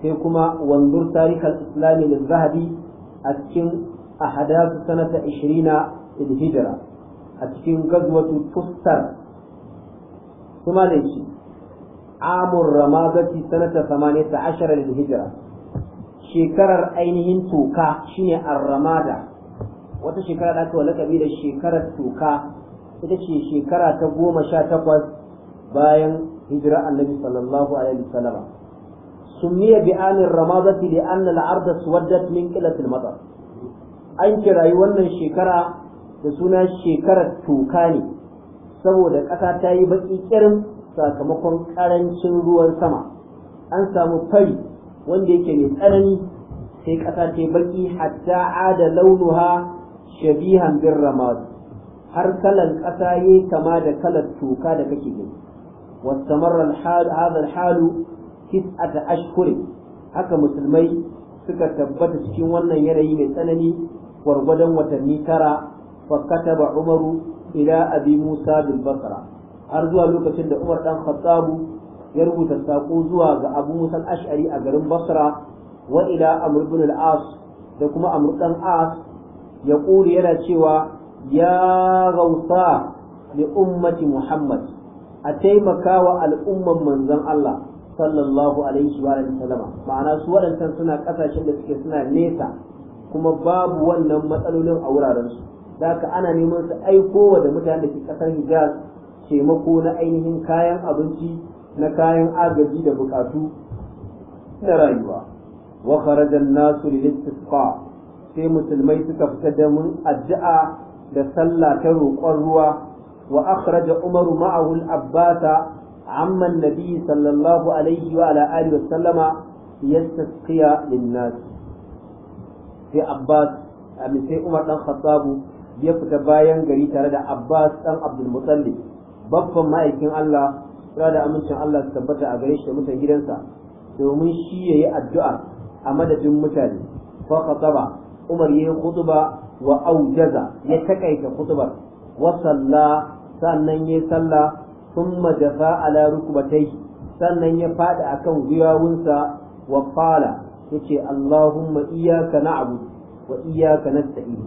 sai kuma wanzur tarihal islami lil a cikin ahdathu sanata 20 lil a cikin gazwatu tustar shekarar ainihin toka shine ar-ramada wata shekara da aka wa lakabi da shekarar toka ita ce shekara ta goma sha takwas bayan hijira annabi sallallahu alaihi wasallam sumiya bi amin ramadati li anna al-ardh suwaddat min qillati matar an kirayi wannan shekara da suna shekarar toka ne saboda ƙasa ta yi baƙi kirin sakamakon ƙarancin ruwan sama an samu fari wanda yake mai tsanani sai ƙasa ta yi baƙi hatta ada launuha shabihan bin har kalan ƙasa ya kama da kalar toka da kake gani wastamarra hadha halu ta ashhur haka musulmai suka tabbata cikin wannan yanayi mai tsanani gwargwadon watanni tara fa kataba umaru ila abi musa bil basra har zuwa lokacin da umar dan khattabu ya rubuta saƙo zuwa ga abu musa al-ash'ari a garin basra wa ila amr ibn as da kuma amr dan as ya ƙuri yana cewa ya gausa li ummati muhammad a taimaka wa al'umman manzon Allah sallallahu alaihi wa sallama ma'ana su waɗancan suna ƙasashen da suke suna nesa kuma babu wannan matsalolin a wurarensu da ana neman su aikowa da mutane da ke ƙasar hijaz taimako na ainihin kayan abinci na kayan agaji da bukatu na rayuwa wa kharaja an-nasu lil-istisqa sai musulmai suka fita da mun addu'a da sallah ta roƙon ruwa wa akhraja umaru ma'ahu al-abbasa amma an-nabi sallallahu alaihi wa ala alihi wa sallama yastasqiya lin sai abbas amin sai umar dan khattabu ya fita bayan gari tare da abbas dan abdul baffan babban ma'aikin Allah kira da amincin Allah su tabbata a gare shi da mutan gidansa domin shi yayi addu'a a madadin mutane fa khataba Umar yi khutba wa aujaza ya takaita khutbar wa salla sannan ya salla thumma jafa ala rukbatayhi sannan ya fada akan gwiwawunsa wa fala yace Allahumma iyyaka na'budu wa iyyaka nasta'in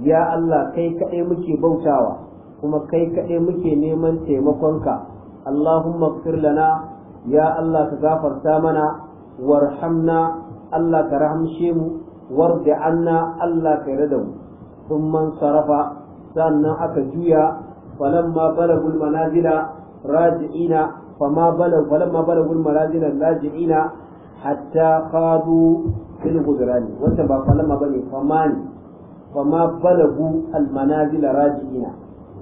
ya Allah kai kadai muke bautawa kuma kai kadai muke neman taimakonka Allahumma ighfir lana ya Allah ka gafarta mana warhamna Allah ka rahamshe mu warda anna Allah ka da mu sun man sarafa sannan aka juya falamma balagul manazila raji'ina fama balag falamma balagul manazila raji'ina hatta qadu fil gudrani wanda ba ma bane fama ne fama balagu al manazila raji'ina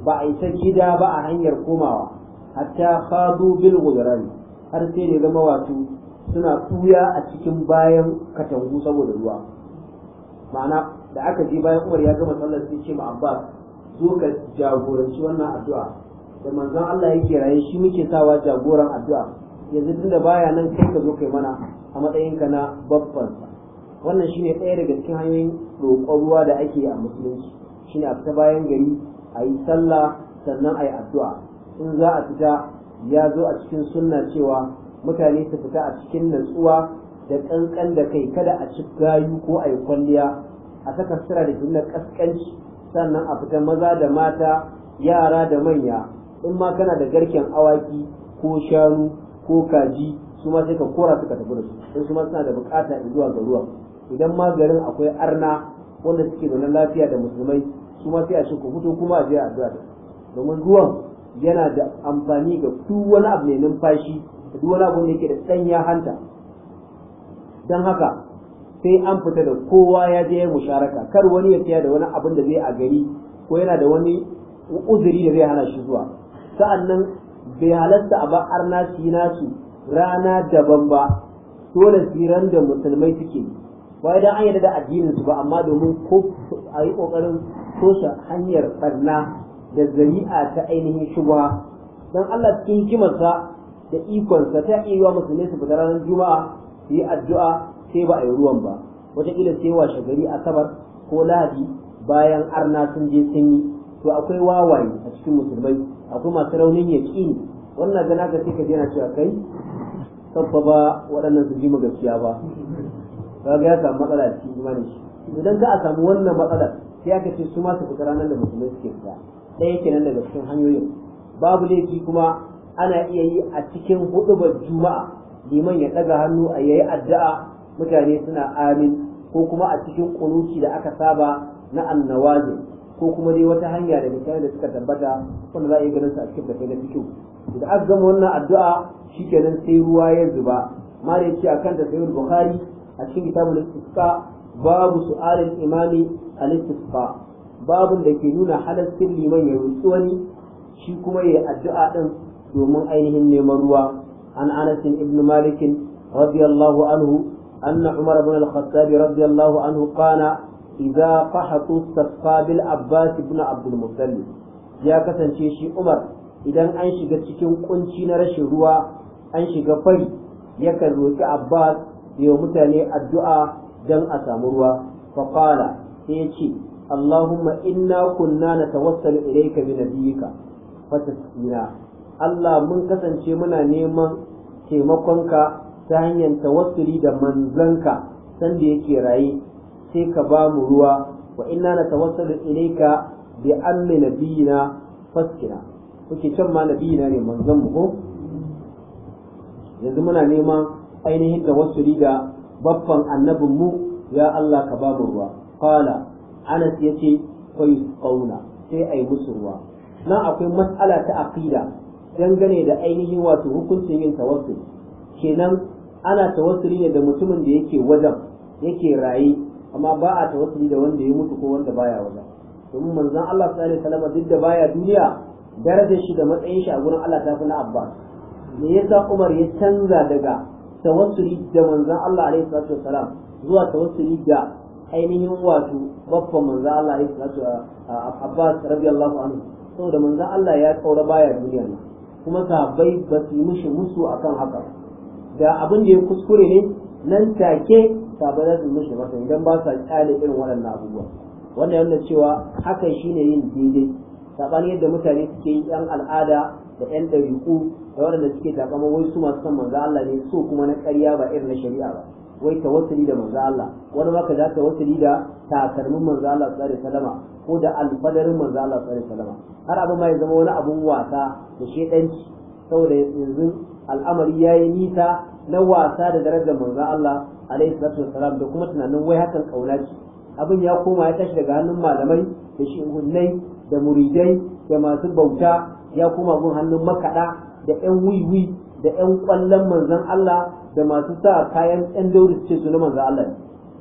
ba a isa gida ba a hanyar komawa hatta qadu bil gudrani har sai ne zama wato suna tsuya a cikin bayan katangu saboda ruwa ma'ana da aka je bayan umar ya gama sallar sai ce ma abbas zo ka jagoranci wannan addu'a da manzon Allah yake raye shi muke sawa jagoran addu'a yanzu tunda baya nan kai ka zo kai mana a matsayinka na babban wannan shine ɗaya daga cikin hanyoyin roƙon ruwa da ake a musulunci shine a fita bayan gari a yi sallah sannan a yi addu'a in za a fita ya zo a cikin sunna cewa mutane su fita a cikin natsuwa da kankan da kai kada a ci gayu ko a yi kwalliya a saka sura da jinnar kaskanci sannan a fita maza da mata yara da manya in ma kana da garken awaki ko shanu ko kaji su ma sai ka kora suka tafi da su in su ma suna da bukata zuwa ga ruwa idan ma garin akwai arna wanda suke zaune lafiya da musulmai su ma sai a shuka fito kuma a je a su domin ruwan yana da amfani ga duk wani abu mai numfashi da duk wani abu da yake da sanya hanta don haka sai an fita da kowa ya je ya musharaka kar wani ya tsaya da wani abin da zai a gari ko yana da wani uzuri da zai hana shi zuwa sa'annan bai halatta a ba arna su nasu rana daban ba dole ran da musulmai suke ba idan an yarda da addinin su ba amma domin ko a yi kokarin toshe hanyar barna da zari'a ta ainihin shubha dan Allah cikin hikimarsa da ikonsa ta iya yi wa musulmai su fita ranar juma'a yi addu'a sai ba a yi ruwan ba wataƙila sai washe gari asabar ko lahadi bayan arna sun je sun yi to akwai wawaye a cikin musulmai akwai masu raunin yaƙini wannan gana ka sai ka je na cewa kai sabba ba waɗannan su ji magaciya ba ba kaga ya samu matsala cikin imani shi idan za a samu wannan matsalar sai aka ce su ma su fita ranar da musulmai suke fita ɗaya kenan daga cikin hanyoyin babu laifi kuma ana iya yi a cikin hudubar juma'a liman ya daga hannu a yayi addu'a mutane suna amin ko kuma a cikin ƙuruci da aka saba na annawaje ko kuma dai wata hanya da mutane da suka tabbata wanda za a yi ganin su a cikin dafai na cikin idan aka gama wannan addu'a shikenan sai ruwa ya zuba mare ce akan da sayyid bukhari a cikin kitabul istisqa babu su'alin imami al-istisqa babun da ke nuna halaccin liman ya rutsu wani shi kuma ya addu'a din domin ainihin neman ruwa عن أنس بن مالك رضي الله عنه أن عمر بن الخطاب رضي الله عنه قال إذا قحطوا الصفا بالعباس بن عبد المطلب يا كسن شيشي عمر إذا أنشي قتشكم كنشي نرشي روا أنشي قفري يكن روك عباس يومتني الدعاء دم أسامروا فقال يشي اللهم إنا كنا نتوسل إليك بنبيك فتسقينا الله من كسن شي منا نيمان taimakonka ta hanyar tawassuli da manzanka sanda yake raye sai ka ba mu ruwa wa inna na tawassalu ilayka bi ammi nabiyina faskina kuke can ma nabiyina ne manzon mu ko yanzu muna neman ainihin tawassuli da babban annabin mu ya Allah ka ba mu ruwa qala Anas yace fa yusqauna sai ai musu ruwa nan akwai mas'ala ta aqida dangane da ainihin wato hukuncin yin tawassul kenan ana tawassuli ne da mutumin da yake wajen yake rayi amma ba a tawassuli da wanda ya mutu ko wanda baya wajen domin manzon Allah sallallahu alaihi wasallam duk da baya duniya darajar shi da matsayin shi a gurin Allah ta fi na Abbas me yasa Umar ya canza daga tawassuli da manzon Allah alaihi salatu wasalam zuwa tawassuli da ainihin wato babban manzon Allah alaihi salatu Abbas radiyallahu anhu saboda manzon Allah ya kaura baya duniya ne kuma sahabbai ba su yi mishi musu akan haka da abin da ya kuskure ne nan take sahabbai za su mishi masa idan ba sa kyale irin waɗannan abubuwa wannan yana cewa hakan shine yin daidai saɓani yadda mutane suke yi yan al'ada da yan ɗariƙu da waɗanda suke takama wai su masu son manzo Allah ne so kuma na ƙarya ba irin na shari'a ba wai tawassuli da manzo Allah wani ma ta tawassuli da takalmin manzo Allah sallallahu alaihi wasallam ko da alfadarin manzo Allah sallallahu alaihi wasallam har abin ma ya zama wani abun wasa da shedanci saboda yanzu al'amari yayi nisa na wasa da darajar manzo Allah alaihi salatu wasallam da kuma tunanin wai hakan kauna ce abin ya koma ya tashi daga hannun malamai da shehunnai da muridai da masu bauta ya koma gun hannun makaɗa da 'yan wiwi da 'yan ƙwallon manzon Allah da masu sa kayan yan dauri su ce su na manzo Allah ne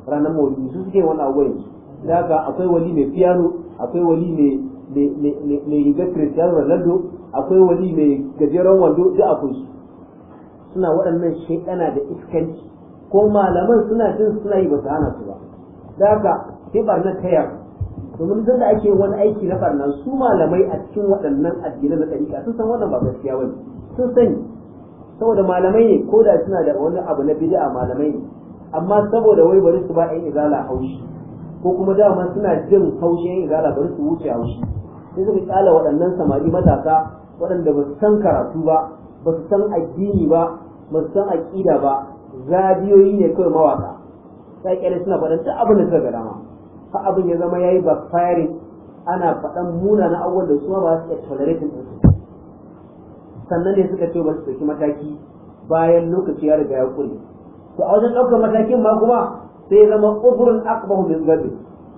ranar maulidi su suke wani abu yanzu da haka akwai wali mai piano akwai wali mai rigar cristiano ronaldo akwai wali mai gajeren wando duk akwai su suna waɗannan shekana da iskanci ko malaman suna jin suna yi ba su hana su ba da haka sai barna tayar domin zan da ake wani aiki na barna su malamai a cikin waɗannan addinai na ɗariƙa sun san wannan ba gaskiya ba sun sani saboda malamai ne ko da suna da wani abu na bid'a malamai ne amma saboda wai bari su ba ɗan izala haushi ko kuma dama suna jin haushi ɗan izala bari su wuce haushi sai suka kyala waɗannan samari matasa waɗanda ba su san karatu ba ba su san addini ba ba su san aƙida ba zabiyoyi ne kawai mawaka sai kyale suna faɗan duk abin da suka ga dama har abin ya zama yayi backfiring ana faɗan muna na abubuwan da su ba su iya tolerating sannan ne suka ce ba su ɗauki mataki bayan lokaci ya riga ya kulle to a wajen ɗaukar matakin ma kuma sai ya zama ufurin akbahu min gabe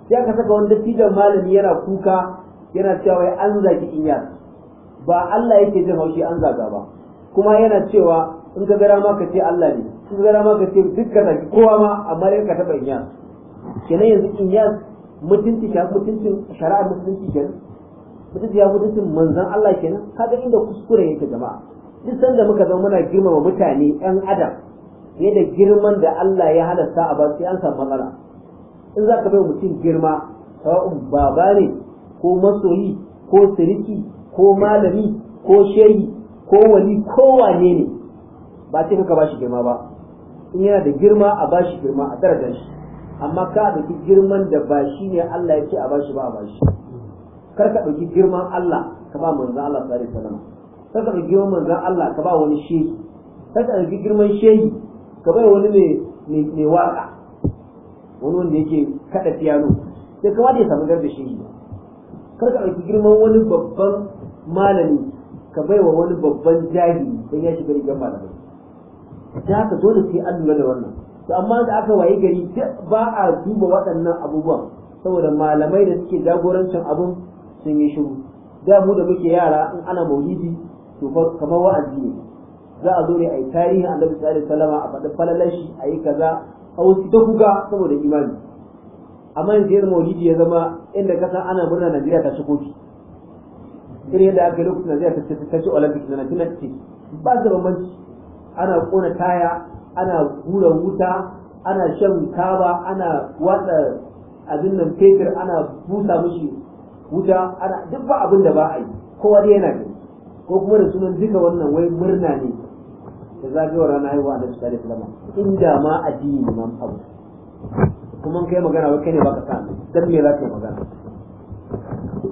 sai aka saka wanda tijan malami yana kuka yana cewa wai an zaki inya ba Allah yake jin haushi an zaga ba kuma yana cewa in ka gara ma ka ce Allah ne in ka gara ma ka ce dukkan zaki kowa ma amma dai ka taɓa inya kenan yanzu inya mutunci ka mutuncin shari'ar mutunci kenan mutum ya mutuncin manzan Allah kenan kaga inda kuskure yake jama'a duk sanda muka zama muna girmama mutane yan adam fiye da girman da Allah ya halatta a ba an samu matsala in za ka bai mutum girma sawa'un baba ne ko masoyi ko siriki ko malami ko shehi ko wani ko wane ne ba sai ka bashi girma ba in yana da girma a bashi girma a darajar shi amma ka da girman da ba shi ne Allah ya ce a bashi ba a bashi. kar ka ɗauki girman Allah ka ba manzon Allah sallallahu alaihi wasallam kar ka ɗauki girman manzon Allah ka ba wani shehi kar ka ɗauki girman shehi ka bai wani mai waka wani wanda yake kada piano sai ka wade samu garba shehi kar ka ɗauki girman wani babban malami ka bai wa wani babban jahili don ya shiga rigar malamai ta haka dole sai an lura da wannan to amma da aka waye gari ba a duba waɗannan abubuwan saboda malamai da suke jagorancin abun sun yi shiru da mu da muke yara in ana maulidi to kamar wa'azi ne za a zo ne a yi tarihin annabi sallallahu alaihi wasallam a faɗi falalar shi a yi kaza a wasu ta kuka saboda imani amma yanzu yanzu maulidi ya zama inda ka san ana murna Najeriya ta shigo shi irin yadda aka yi lokacin Najeriya ta ce ta ci Olympic na ce ba su bambanci ana kona taya ana hura wuta ana shan kaba ana watsa abin nan fetur ana busa mushi wuta ana duk ba abin da ba a yi kowa dai yana gani ko kuma da sunan duka wannan wai murna ne da zagayowar rana haihuwa da su tare da inda ma addini ne man abu kuma kai magana wai kai ne baka san dan me za ka yi magana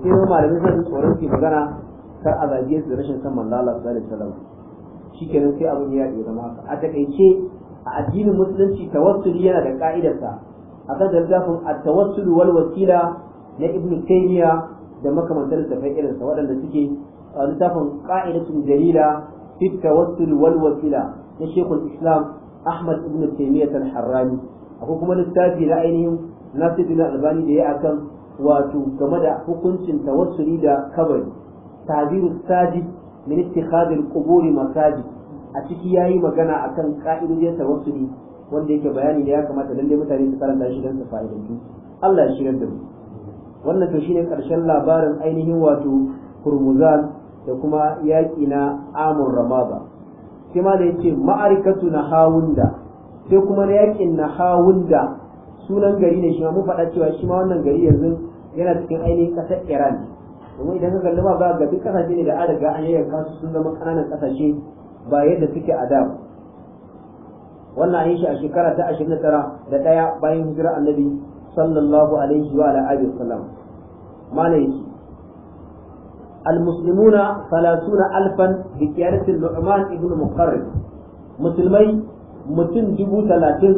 sai ma malamin sai tsoron ki magana kar a zage su rashin san manzo Allah sallallahu alaihi wasallam shikenan sai abin ya yi zama haka a takaice a addinin musulunci tawassuli yana da ka'idarsa akan dalgafin at-tawassul wal wasila na ibn taymiya da makamantar littafai irinsa waɗanda suke littafin qa'idatun dalila fi tawassul wal wasila na shekul islam ahmad ibn taymiya al-harrani ko kuma littafi na ainihin nasiruddin albani da ya akan wato game da hukuncin tawassuli da kabari tabiru sajid min ittikhad al masajid a ciki yayi magana akan ka'idojin tawassuli wanda yake bayani da ya kamata lalle mutane su karanta shi don su fa'idantu Allah ya shigar da mu wannan to shine karshen labarin ainihin wato hurmuzan da kuma yaƙi na amur ramada sai ma da yace ma'arikatu na hawunda sai kuma na yaƙin na hawunda sunan gari ne shi ma mun faɗa cewa shi ma wannan gari yanzu yana cikin ainihin ƙasar iran domin idan ka kalli ba za ga duk ƙasashe ne da an riga an yayyanka su sun zama ƙananan ƙasashe ba yadda suke a da wannan an yi shi a shekara ta ashirin da tara da ɗaya bayan hijirar annabi sallallahu alaihi wa ala alihi wasallam mana yake المسلمون ثلاثون ألفا بقيادة النعمان ابن مقرب مسلمي متن جبو ثلاثين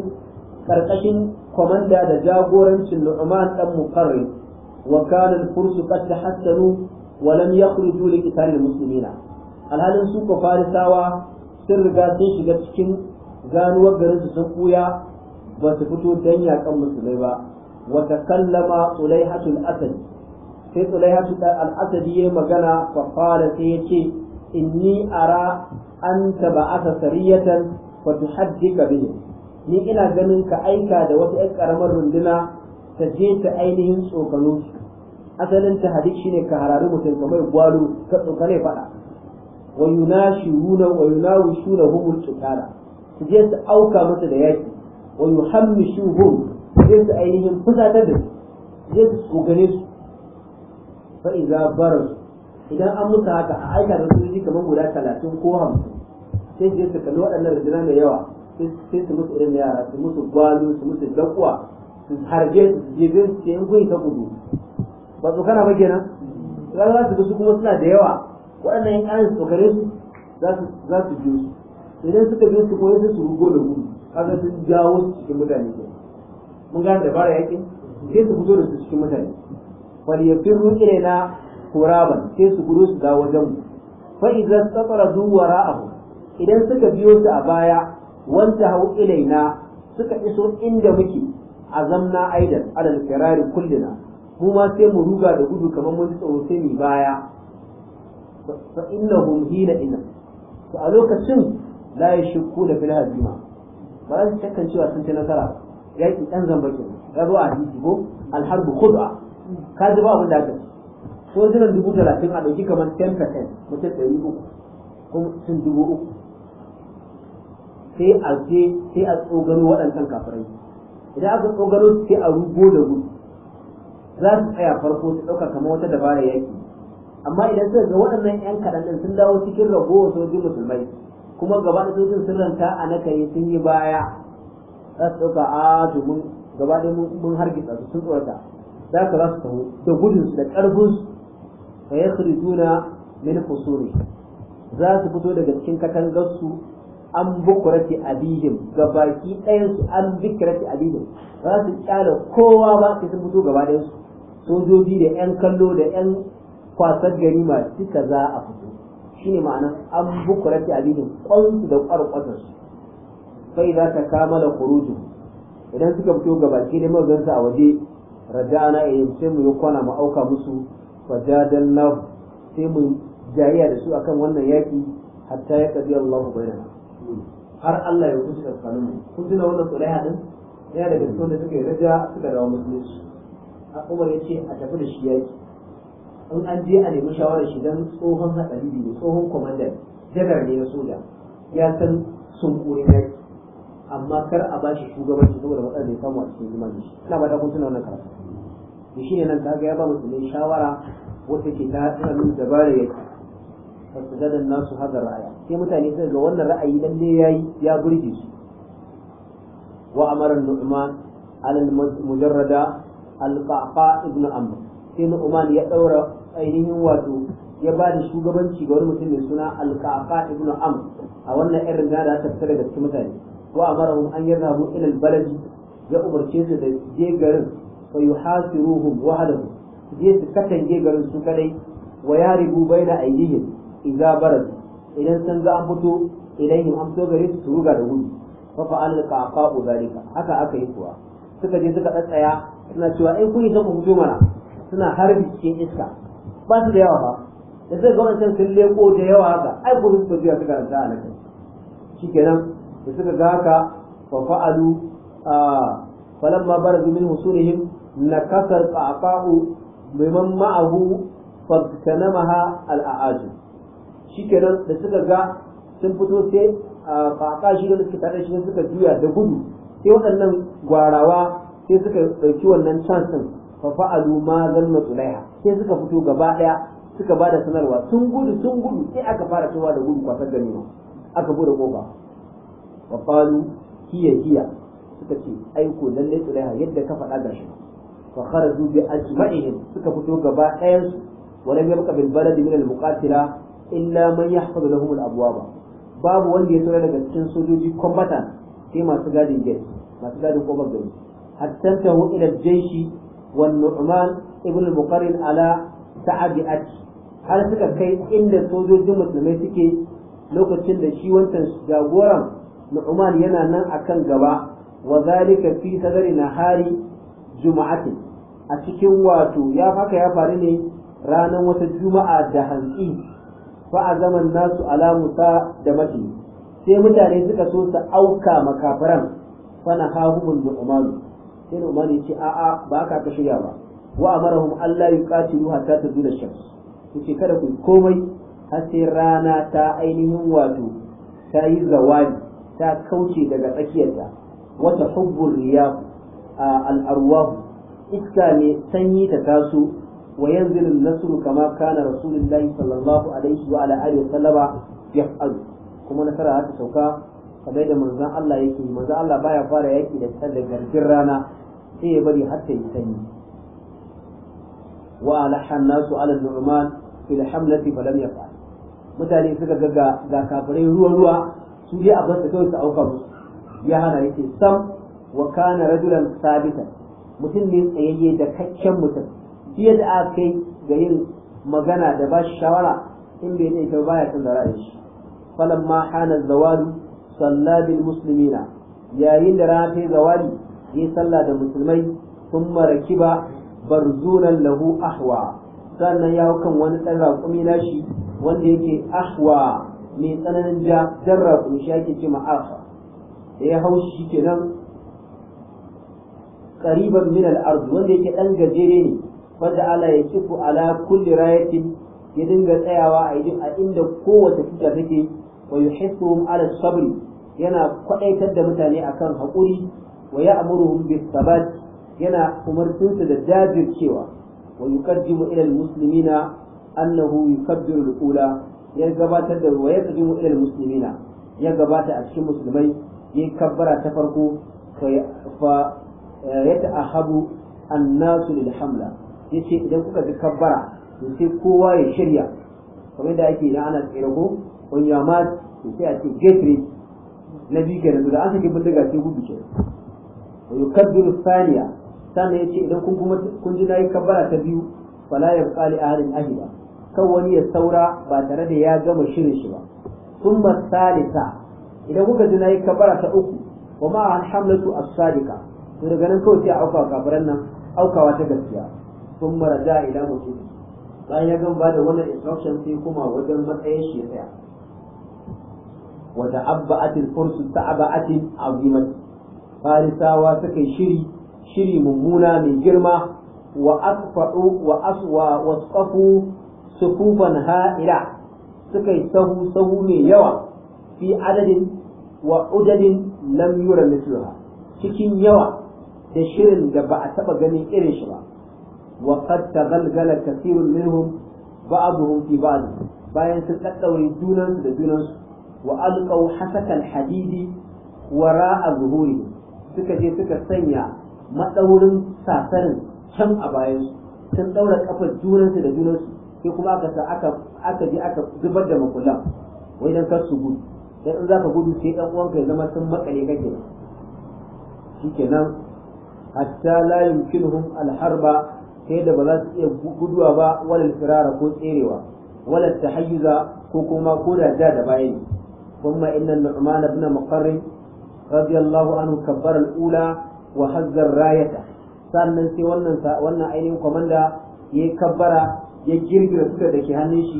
كرقشن كوماندا دا جاغورن النعمان ابن مقرب وكان الفرس قد تحسنوا ولم يخرجوا لقتال المسلمين alhalin su ko farisawa sun riga sun shiga cikin ganuwar garin su sun kuya ba su fito don yakan musulmai ba وتكلم صليحة الأسد في صليحة الأسد يمغنى فقال سيتي إني أرى أن تبعث سرية وتحدك به ni ina ganin ka aika da wata ‘yan ƙaramar runduna ta je ta ainihin tsokano asalin ta hadik shine ka harari mutum kamar gwalo ka tsokane fada wa na wa yunawishuna humul qitala su je su auka musu da yaki wa yuhammishuhum zai su ainihin fusatar da su zai su tsogane su fa iza su idan an musu haka a aika da ji kamar guda talatin ko hamsin sai su su kalli waɗannan rundunar mai yawa sai su musu irin yara su musu gwalu su musu dakuwa su harbe su su jebe su ce in kun ta gudu ba kana ba kenan za su su kuma suna da yawa waɗannan yan ƙarin tsogane su za su biyo su idan suka biyo su kuma sai su rugo da gudu kaga sun jawo su cikin mutane kenan mun gane dabara yake sai su fito da su cikin mutane wal yafirru na kuraban sai su gudu su dawo wajen mu fa idza saqaradu wara'ahu idan suka biyo su a baya wanda hau ilaina suka iso inda muke azamna aidan adal kirari kullina mu ma sai mu ruga da gudu kamar mun tsoro sai mu baya fa innahum hina ina to a lokacin la yashku da fil hazima ba za su cewa sun ci nasara yaki ɗan zamba ke ya zo a hadisi ko alharbu khud'a ka ji ba abin da aka so jiran dubu talatin a ɗauki kamar 10% mutum ɗari uku ko mutum dubu uku sai a ce sai a tsogaro waɗancan kafirai idan aka tsogaro sai a rugo da gudu za su tsaya farko su ɗauka kamar wata dabara yaki amma idan suka ga waɗannan 'yan kaɗan ɗin sun dawo cikin ragowar sojin musulmai kuma gaba da sojin sun ranta a nakari sun yi baya za ɗauka a domin mun mun hargitsa su sun tsorata za ka za su da gudunsu da ƙarfinsu fa ya juna min kusuri za su fito daga cikin katangarsu an bukurati abihim ga baki ɗayansu an bikirati abihim za su kyala kowa ba su sun fito gaba su sojoji da 'yan kallo da 'yan kwasar ganima duka za a fito shine ma'ana an bukurati abihim kwansu da kwarkwatarsu sai za ta kama kuruju idan suka fito gabaki da magansa a waje raja'ana ilayhim eh, sai mu yi kwana mu auka musu fajadallahu sai mu jayayya da su akan wannan yaki hatta ya kadi Allah bayyana har Allah ya hukunci tsakanin mu kun tuna wannan tsulaiha din yana da gaske wanda suka yi raja suka dawo musulunci a Umar ya ce a tafi da shi yaki in an je a nemi shawarar shi don tsohon haɗari ne tsohon kwamandan. janar ne na soja ya san sun yaki amma kar a bashi shugabanci saboda matsalar da ya samu a cikin shi. ina ba ta kun tuna wannan karatu to shine nan kaga ya ba musulmi shawara wata ke ta tsara min dabara ya fasadadan nasu hadar ra'aya sai mutane sai ga wannan ra'ayi lalle yayi ya burge su wa amara nu'man ala mujarrada al-qaqa ibn amr sai nu'man ya daura ainihin wato ya ba da shugabanci ga wani mutum mai suna al-qaqa ibn amr a wannan irin da ta tattare da mutane wa amarahum an yarhabu ila albalad ya umarce su da je garin fa yuhasiruhum su je su katange garin su kadai wa na baina aydihim idza barad idan san za an fito idan an so gare su ruga da gudu fa fa'al qaqa'u zalika haka aka yi kuwa suka je suka tsaya suna cewa in eh, kun yi ta ku mana suna harbi cikin iska ba su da yawa ba da suka ga sun leko da yawa haka ai gudu suka biya suka a nan da suka ga haka fa fa'alu falamma barazu min husurihim nakasar ƙafa'u mimman ma'ahu shi ke nan da suka ga sun fito sai ƙafa shi don suka tare shi suka juya da gudu sai waɗannan gwarawa sai suka ɗauki wannan chansin fa fa'alu ma zanna sai suka fito gaba ɗaya suka bada sanarwa sun gudu sun gudu sai aka fara cewa da gudu kwasar ganima aka bude ƙofa. wa qalu hiya suka ce aiko lalle tsulaiha yadda ka faɗa gashi fa kharaju bi ajma'ihim suka fito gaba ɗayan su wa lam yabqa bil baladi min al muqatila illa man yahfazu lahum al babu wanda ya tsira daga cikin sojoji combatant sai masu gadin gate masu gadin kofar gari hatta tahu ila jayshi wan nu'man ibn al muqarrin ala ta'abi'ati har suka kai inda sojojin musulmai suke lokacin da shi wancan jagoran nu'man yana nan akan gaba wa zalika fi na hari juma'atin a cikin wato ya haka ya faru ne ranar wata juma'a da hantsi fa a zaman nasu alamuta da mati sai mutane suka so su auka makafaran fa na hahumul nu'man sai nu'man ya ce a'a ba ka ka shirya ba wa amarahum Allah yuqatilu hatta tazula shams yace kada ku komai har sai rana ta ainihin wato ta yi zawani. ta kauce daga tsakiyarta wata riya a al'arwahu iska ne sanyi ta taso wa yanzu nasru kama kana rasulullahi sallallahu alaihi wa alihi sallama yaf'al kuma nasara ta sauka kamar da manzon Allah yake manzon Allah baya fara yaki da tsallar garjin rana sai ya bari har ta yi sanyi wa alahan nasu ala nu'man fil hamlati falam yaf'al mutane suka ga ga kafirai ruwa ruwa su dai a basu kawai su auka musu ya hana yake sam wa kana rajulan sabita mutum ne tsayayye da kakken mutum fiye da aka kai ga yin magana da ba shi shawara in bai ne ta baya san da ra'ayin shi falamma hana zawalu salla bil muslimina yayin da rana ta yi zawali yi sallah da musulmai sun maraki ba barzunan lahu ahwa sannan ya hau kan wani ɗan raƙumi shi wanda yake ahwa mai tsananin ja dan raƙumi shi ake ce ma'afa da ya hau shi kenan qariban min al wanda yake dan gajere ne wanda Allah ya kifu ala kulli rayatin ya dinga tsayawa a a inda kowace tuta take wa yuhibbuhum ala sabri yana kwaɗaitar da mutane akan haƙuri wa ya'muruhum bis sabat yana umartinsu da jajircewa wa yuqaddimu ila al-muslimina annahu yukabbiru al ya gabatar da wa yaqdimu ila muslimina ya gabata a cikin musulmai ya kabbara ta farko fa eh, ya ta'ahabu annasu lil hamla yace idan kuka ji kabbara to sai kowa ya shirya kamar da yake idan ana tsere ko wani ma to sai a ce get na biyu kenan da an sake bindiga sai gudu ke wa yukabbiru thaniya sannan yace idan kun kuma kun ji dai kabbara ta biyu fala yaqali li ahadin ahida kan wani ya saura ba tare da ya gama shirin shi ba sun salisa idan kuka ji na yi kabara ta uku wa ma hamlatu as-sadiqa to daga nan kawai sai aukawa kabaran nan aukawa ta gaskiya sun maraja ila mutum bayan ya gama ba da wannan instruction sai kuma wajen matsayin shi ya tsaya wata abba'atin fursu abbaatin azimat farisawa suka yi shiri shiri mummuna mai girma wa asfa'u wa aswa wasqafu sufufan ha'ira suka yi sahu sahu mai yawa fi adadin wa udadin lam yura cikin yawa da shirin da ba a taɓa ganin irin shi ba wa qad tabalgala kathirun minhum ba'dhum fi ba'd bayan sun daddaure junan da junan su wa alqaw hasakal hadidi wara'a zuhuri suka je suka sanya madaurin sasarin can a bayan sun daura kafar junansu da junansu kuma aka sa aka aka je aka zubar da makullan wai dan gudu sai in zaka gudu sai dan uwanka ya zama sun makale kake shikenan hatta la layin al alharba sai da ba za su iya guduwa ba wala firara ko tserewa wala tahayyuza ko kuma ko da ja da bayan kuma inna nu'man ibn muqarrib radiyallahu anhu kabbara al-ula wa hazzar sannan sai wannan wannan ainihin komanda ya kabbara ya girgira suka da ke hannun shi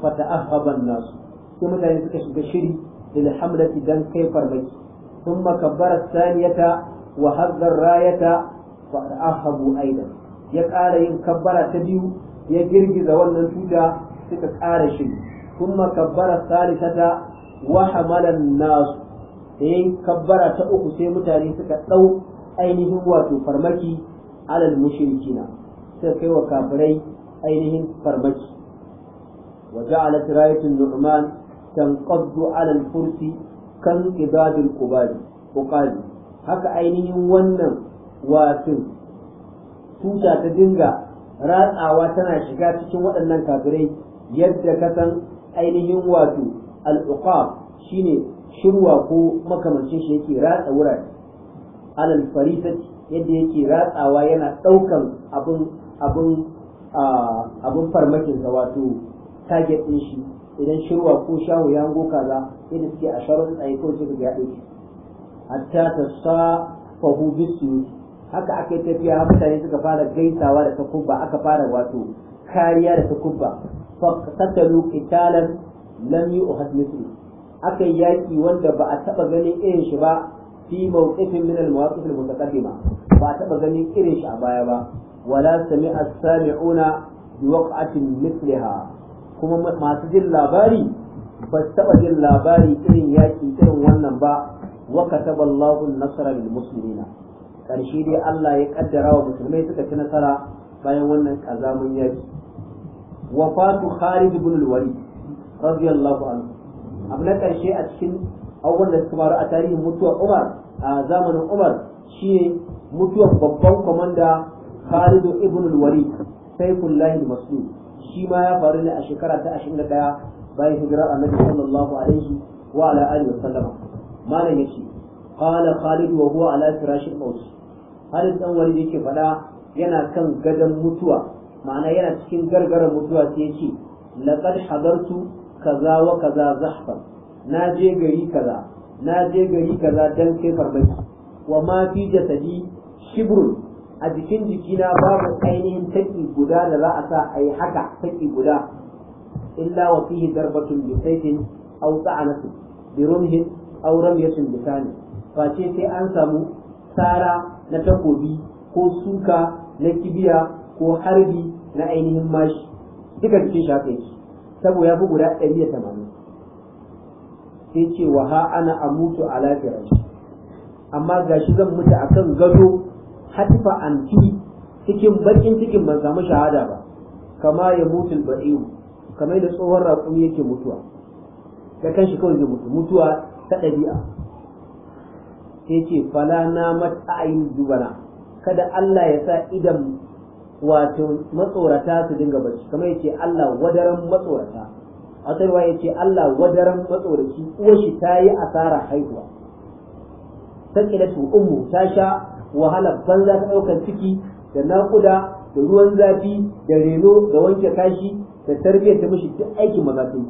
fata ahaban nasu sai mutane suka shiga shiri da hamlati dan kai farmaki sun makabbara saniyata wa hazzar rayata fa ahabu aidan ya ƙara yin kabbara ta biyu ya girgiza wannan tuta suka ƙara shiri sun makabbara salisata wa hamalan nasu da yin kabbara ta uku sai mutane suka ɗau ainihin wato farmaki alal mushrikina sai kai wa kafirai ainihin farmaki wa ja'alat rayatun nu'man tanqaddu 'ala al-fursi kan qidadil qubadi haka ainihin wannan wasin tuta ta dinga ratsawa tana shiga cikin waɗannan kafirai yadda ka san ainihin wato al'uqab shine shirwa ko makamancin shi yake ratsa wurare alal farisati yadda yake ratsawa yana ɗaukan abin abin a abin farmakinsa wato target ɗin shi idan shirwa ko shaho ya hango kaza yadda suke a sharon tsaye ko suka ga ɗin hatta ta sa fahu bisu haka aka yi tafiya mutane suka fara gaisawa da takubba aka fara wato kariya da takubba fasattalu qitalan lam yu'had mithlu aka yaki wanda ba a taba ganin irin shi ba fi mawqifin min al-mawaqif al-mutaqaddima ba a taba ganin irin shi a baya ba wala sami'a sami'una bi waqatin mithliha kuma masu jin labari ba su taba jin labari irin yaki irin wannan ba wa kataba Allahu an-nasra lil karshe dai Allah ya kaddara wa musulmai suka ci nasara bayan wannan kazamin yaki wafatu Khalid ibn al-Walid radiyallahu anhu abu na karshe a cikin abubuwan da suka faru a tarihin mutuwar Umar a zamanin Umar shine mutuwar babban komanda Khalidu ibn al-Walid Saifullah al-Maslul shi ma ya faru ne a shekara ta 21 bayan hijirar Annabi sallallahu alaihi wa ala alihi wa sallam malam yace qala Khalid wa huwa ala firash al-maut Khalid dan Walid yake faɗa yana kan gadon mutuwa ma'ana yana cikin gargaran mutuwa sai yace laqad hadartu kaza wa kaza zahfan na je gari kaza na je gari kaza dan kai farmaki wa ma fi jasadi shibrun a jikin jikina babu ainihin taki guda da za a sa a yi haka taki guda illa wa fihi darbatun bi sayfin aw sa'anatu bi rumhin aw ramyatun bi sani face sai an samu tsara na takobi ko suka na kibiya ko harbi na ainihin mashi duka jikin shi haka yake saboda ya fi guda ɗari sai ce wa ha ana amutu lafiyar firashi amma gashi zan mutu akan gado hatfa anfi cikin bakin cikin ban samu shahada ba kama ya mutu badiu Kama da tsohon raƙumi yake mutuwa da kanshi kawai zai mutu mutuwa ta ɗabi'a sai ce fala na mata'ayin dubana kada Allah ya sa idan wato matsorata su dinga bacci ya ce Allah wadaran matsorata a tsarwa ce Allah wadaran matsoraci uwar shi ta yi asara haihuwa su ummu ta sha wahala banza ta ɗaukar ciki da naƙuda da ruwan zafi da reno da wanke kashi da tarbiyyar ta mishi duk aikin maza sun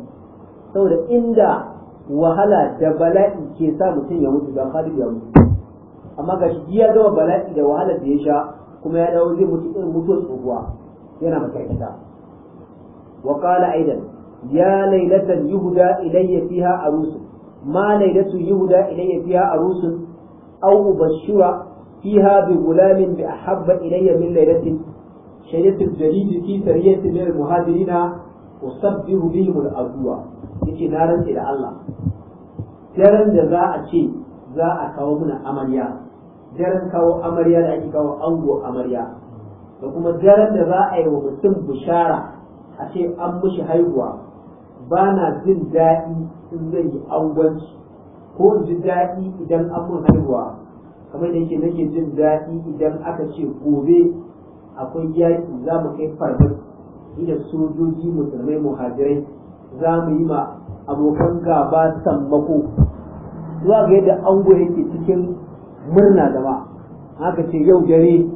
saboda inda wahala da bala'i ke sa mutum ya mutu don haɗu ya mutu amma ga shi ya gama bala'i da wahala da ya sha kuma ya dawo zai mutu irin mutuwar tsohuwa yana makarkata wa qala aidan ya laylatan yuhda ilayya fiha arusun ma laylatu yuhda ilayya fiha arusun au ubashshira فيها بغلام بأحب إلي من ليلة شهدت الجليد في سرية من المهاجرين وصبه بهم الأبوة يجي نارا إلى الله daren da za a ce za a kawo mana amarya daren kawo amarya da ake kawo ango amarya da kuma daren da za a yi wa mutum bishara a ce an mashi haihuwa bana jin daɗi in zai yi angonci ko in ji daɗi idan an mun haihuwa kamar da yake nake jin daɗi idan aka ce gobe akwai yaƙi za mu kai farmaki inda sojoji musulmai muhajirai za mu yi ma abokan gaba sammako zuwa ga yadda ango yake cikin murna da aka haka ce yau dare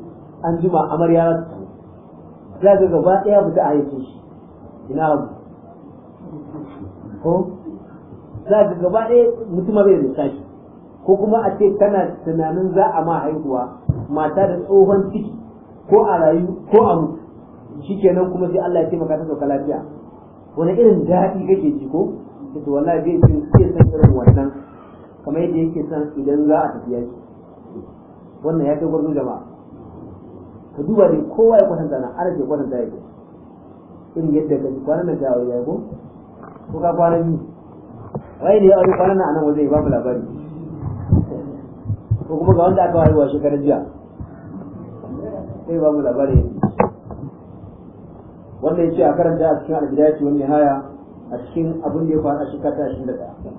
an jima amarya za su za ga gaba ɗaya fita ta ayyace shi ina abu ko za ga gaba ɗaya mutum bai da tashi ko kuma a ce kana tunanin za a ma haihuwa mata da tsohon ciki ko a rayu ko a mutu shikenan kuma sai Allah ya maka ta sauka lafiya wani irin daɗi kake ji ko to wallahi zai ce sai san irin wannan kamar yadda yake san idan za a tafiya shi wannan ya kai gwarzo jama'a ka duba dai kowa ya kwatanta na ara ke kwatanta yake irin yadda ka ji kwanan da ta aure ya ko ko ka kwanan yi wai ne ya aure kwanan nan a nan waje? ba mu labari ko kuma ga wanda aka haihuwa shekarar jiya sai ba mu labari wanda ya ce a karanta a cikin ce wani haya a cikin abin da ya faru a shekara ta ashirin da ɗaya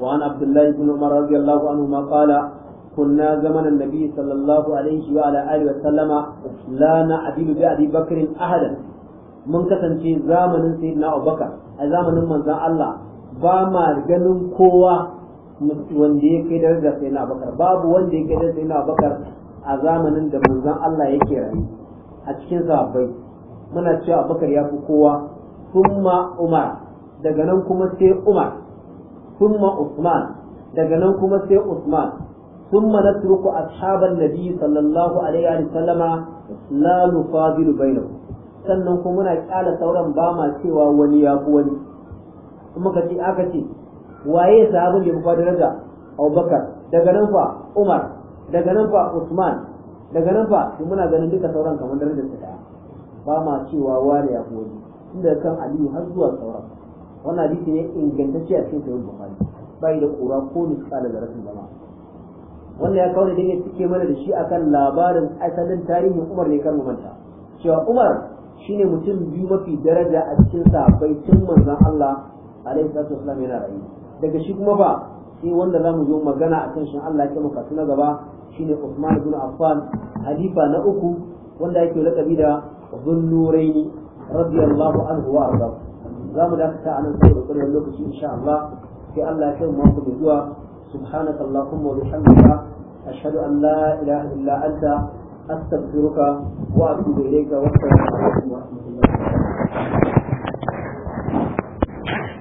وعن عبد الله بن عمر رضي الله عنهما قال كنا زمن النبي صلى الله عليه وعلى آله وسلم لا نعدل بأبي بكر أحدا من كسن في زمن سيدنا أبو بكر زمن من الله بما جنم قوة wanda ya kai daraja sai na bakar babu wanda ya kai daraja sai na bakar a zamanin da manzon Allah yake rayu a cikin sahabbai muna cewa abubakar ya fi kowa summa umar daga nan kuma sai umar summa usman daga nan kuma sai usman summa natruku ashaban nabi sallallahu alaihi wa sallama la nufadilu sannan kuma muna kyala sauran ba ma cewa wani ya fi wani kuma ka ce aka ce waye sahabin da ya faɗi daraja Abubakar daga nan fa Umar daga nan fa Usman daga nan fa muna ganin duka sauran kamar darajar ta daya ba ma cewa wani ya kuwa inda kan Aliyu har zuwa sauran wannan hadisi ne ingantacce a cikin sahih Bukhari bai da kura ko misali da rashin zama wannan ya kawo da dinga cike mana da shi akan labarin asalin tarihin Umar ne kan manta cewa Umar shine mutum biyu mafi daraja a cikin sahabbai tun manzon Allah alaihi salatu wasallam yana rayuwa daga shi kuma ba shi wanda za mu yi magana a kan shin Allah ya kama na gaba shine usman ibn Affan halifa na uku wanda yake lakabi da Dhunnurain radiyallahu anhu wa arda za mu dakata a nan sai da ƙwarar lokaci insha Allah sai Allah ya kai mako da zuwa subhanaka allahumma wa bihamdika ashhadu an la ilaha illa anta astaghfiruka wa atubu ilayka wa assalamu alaikum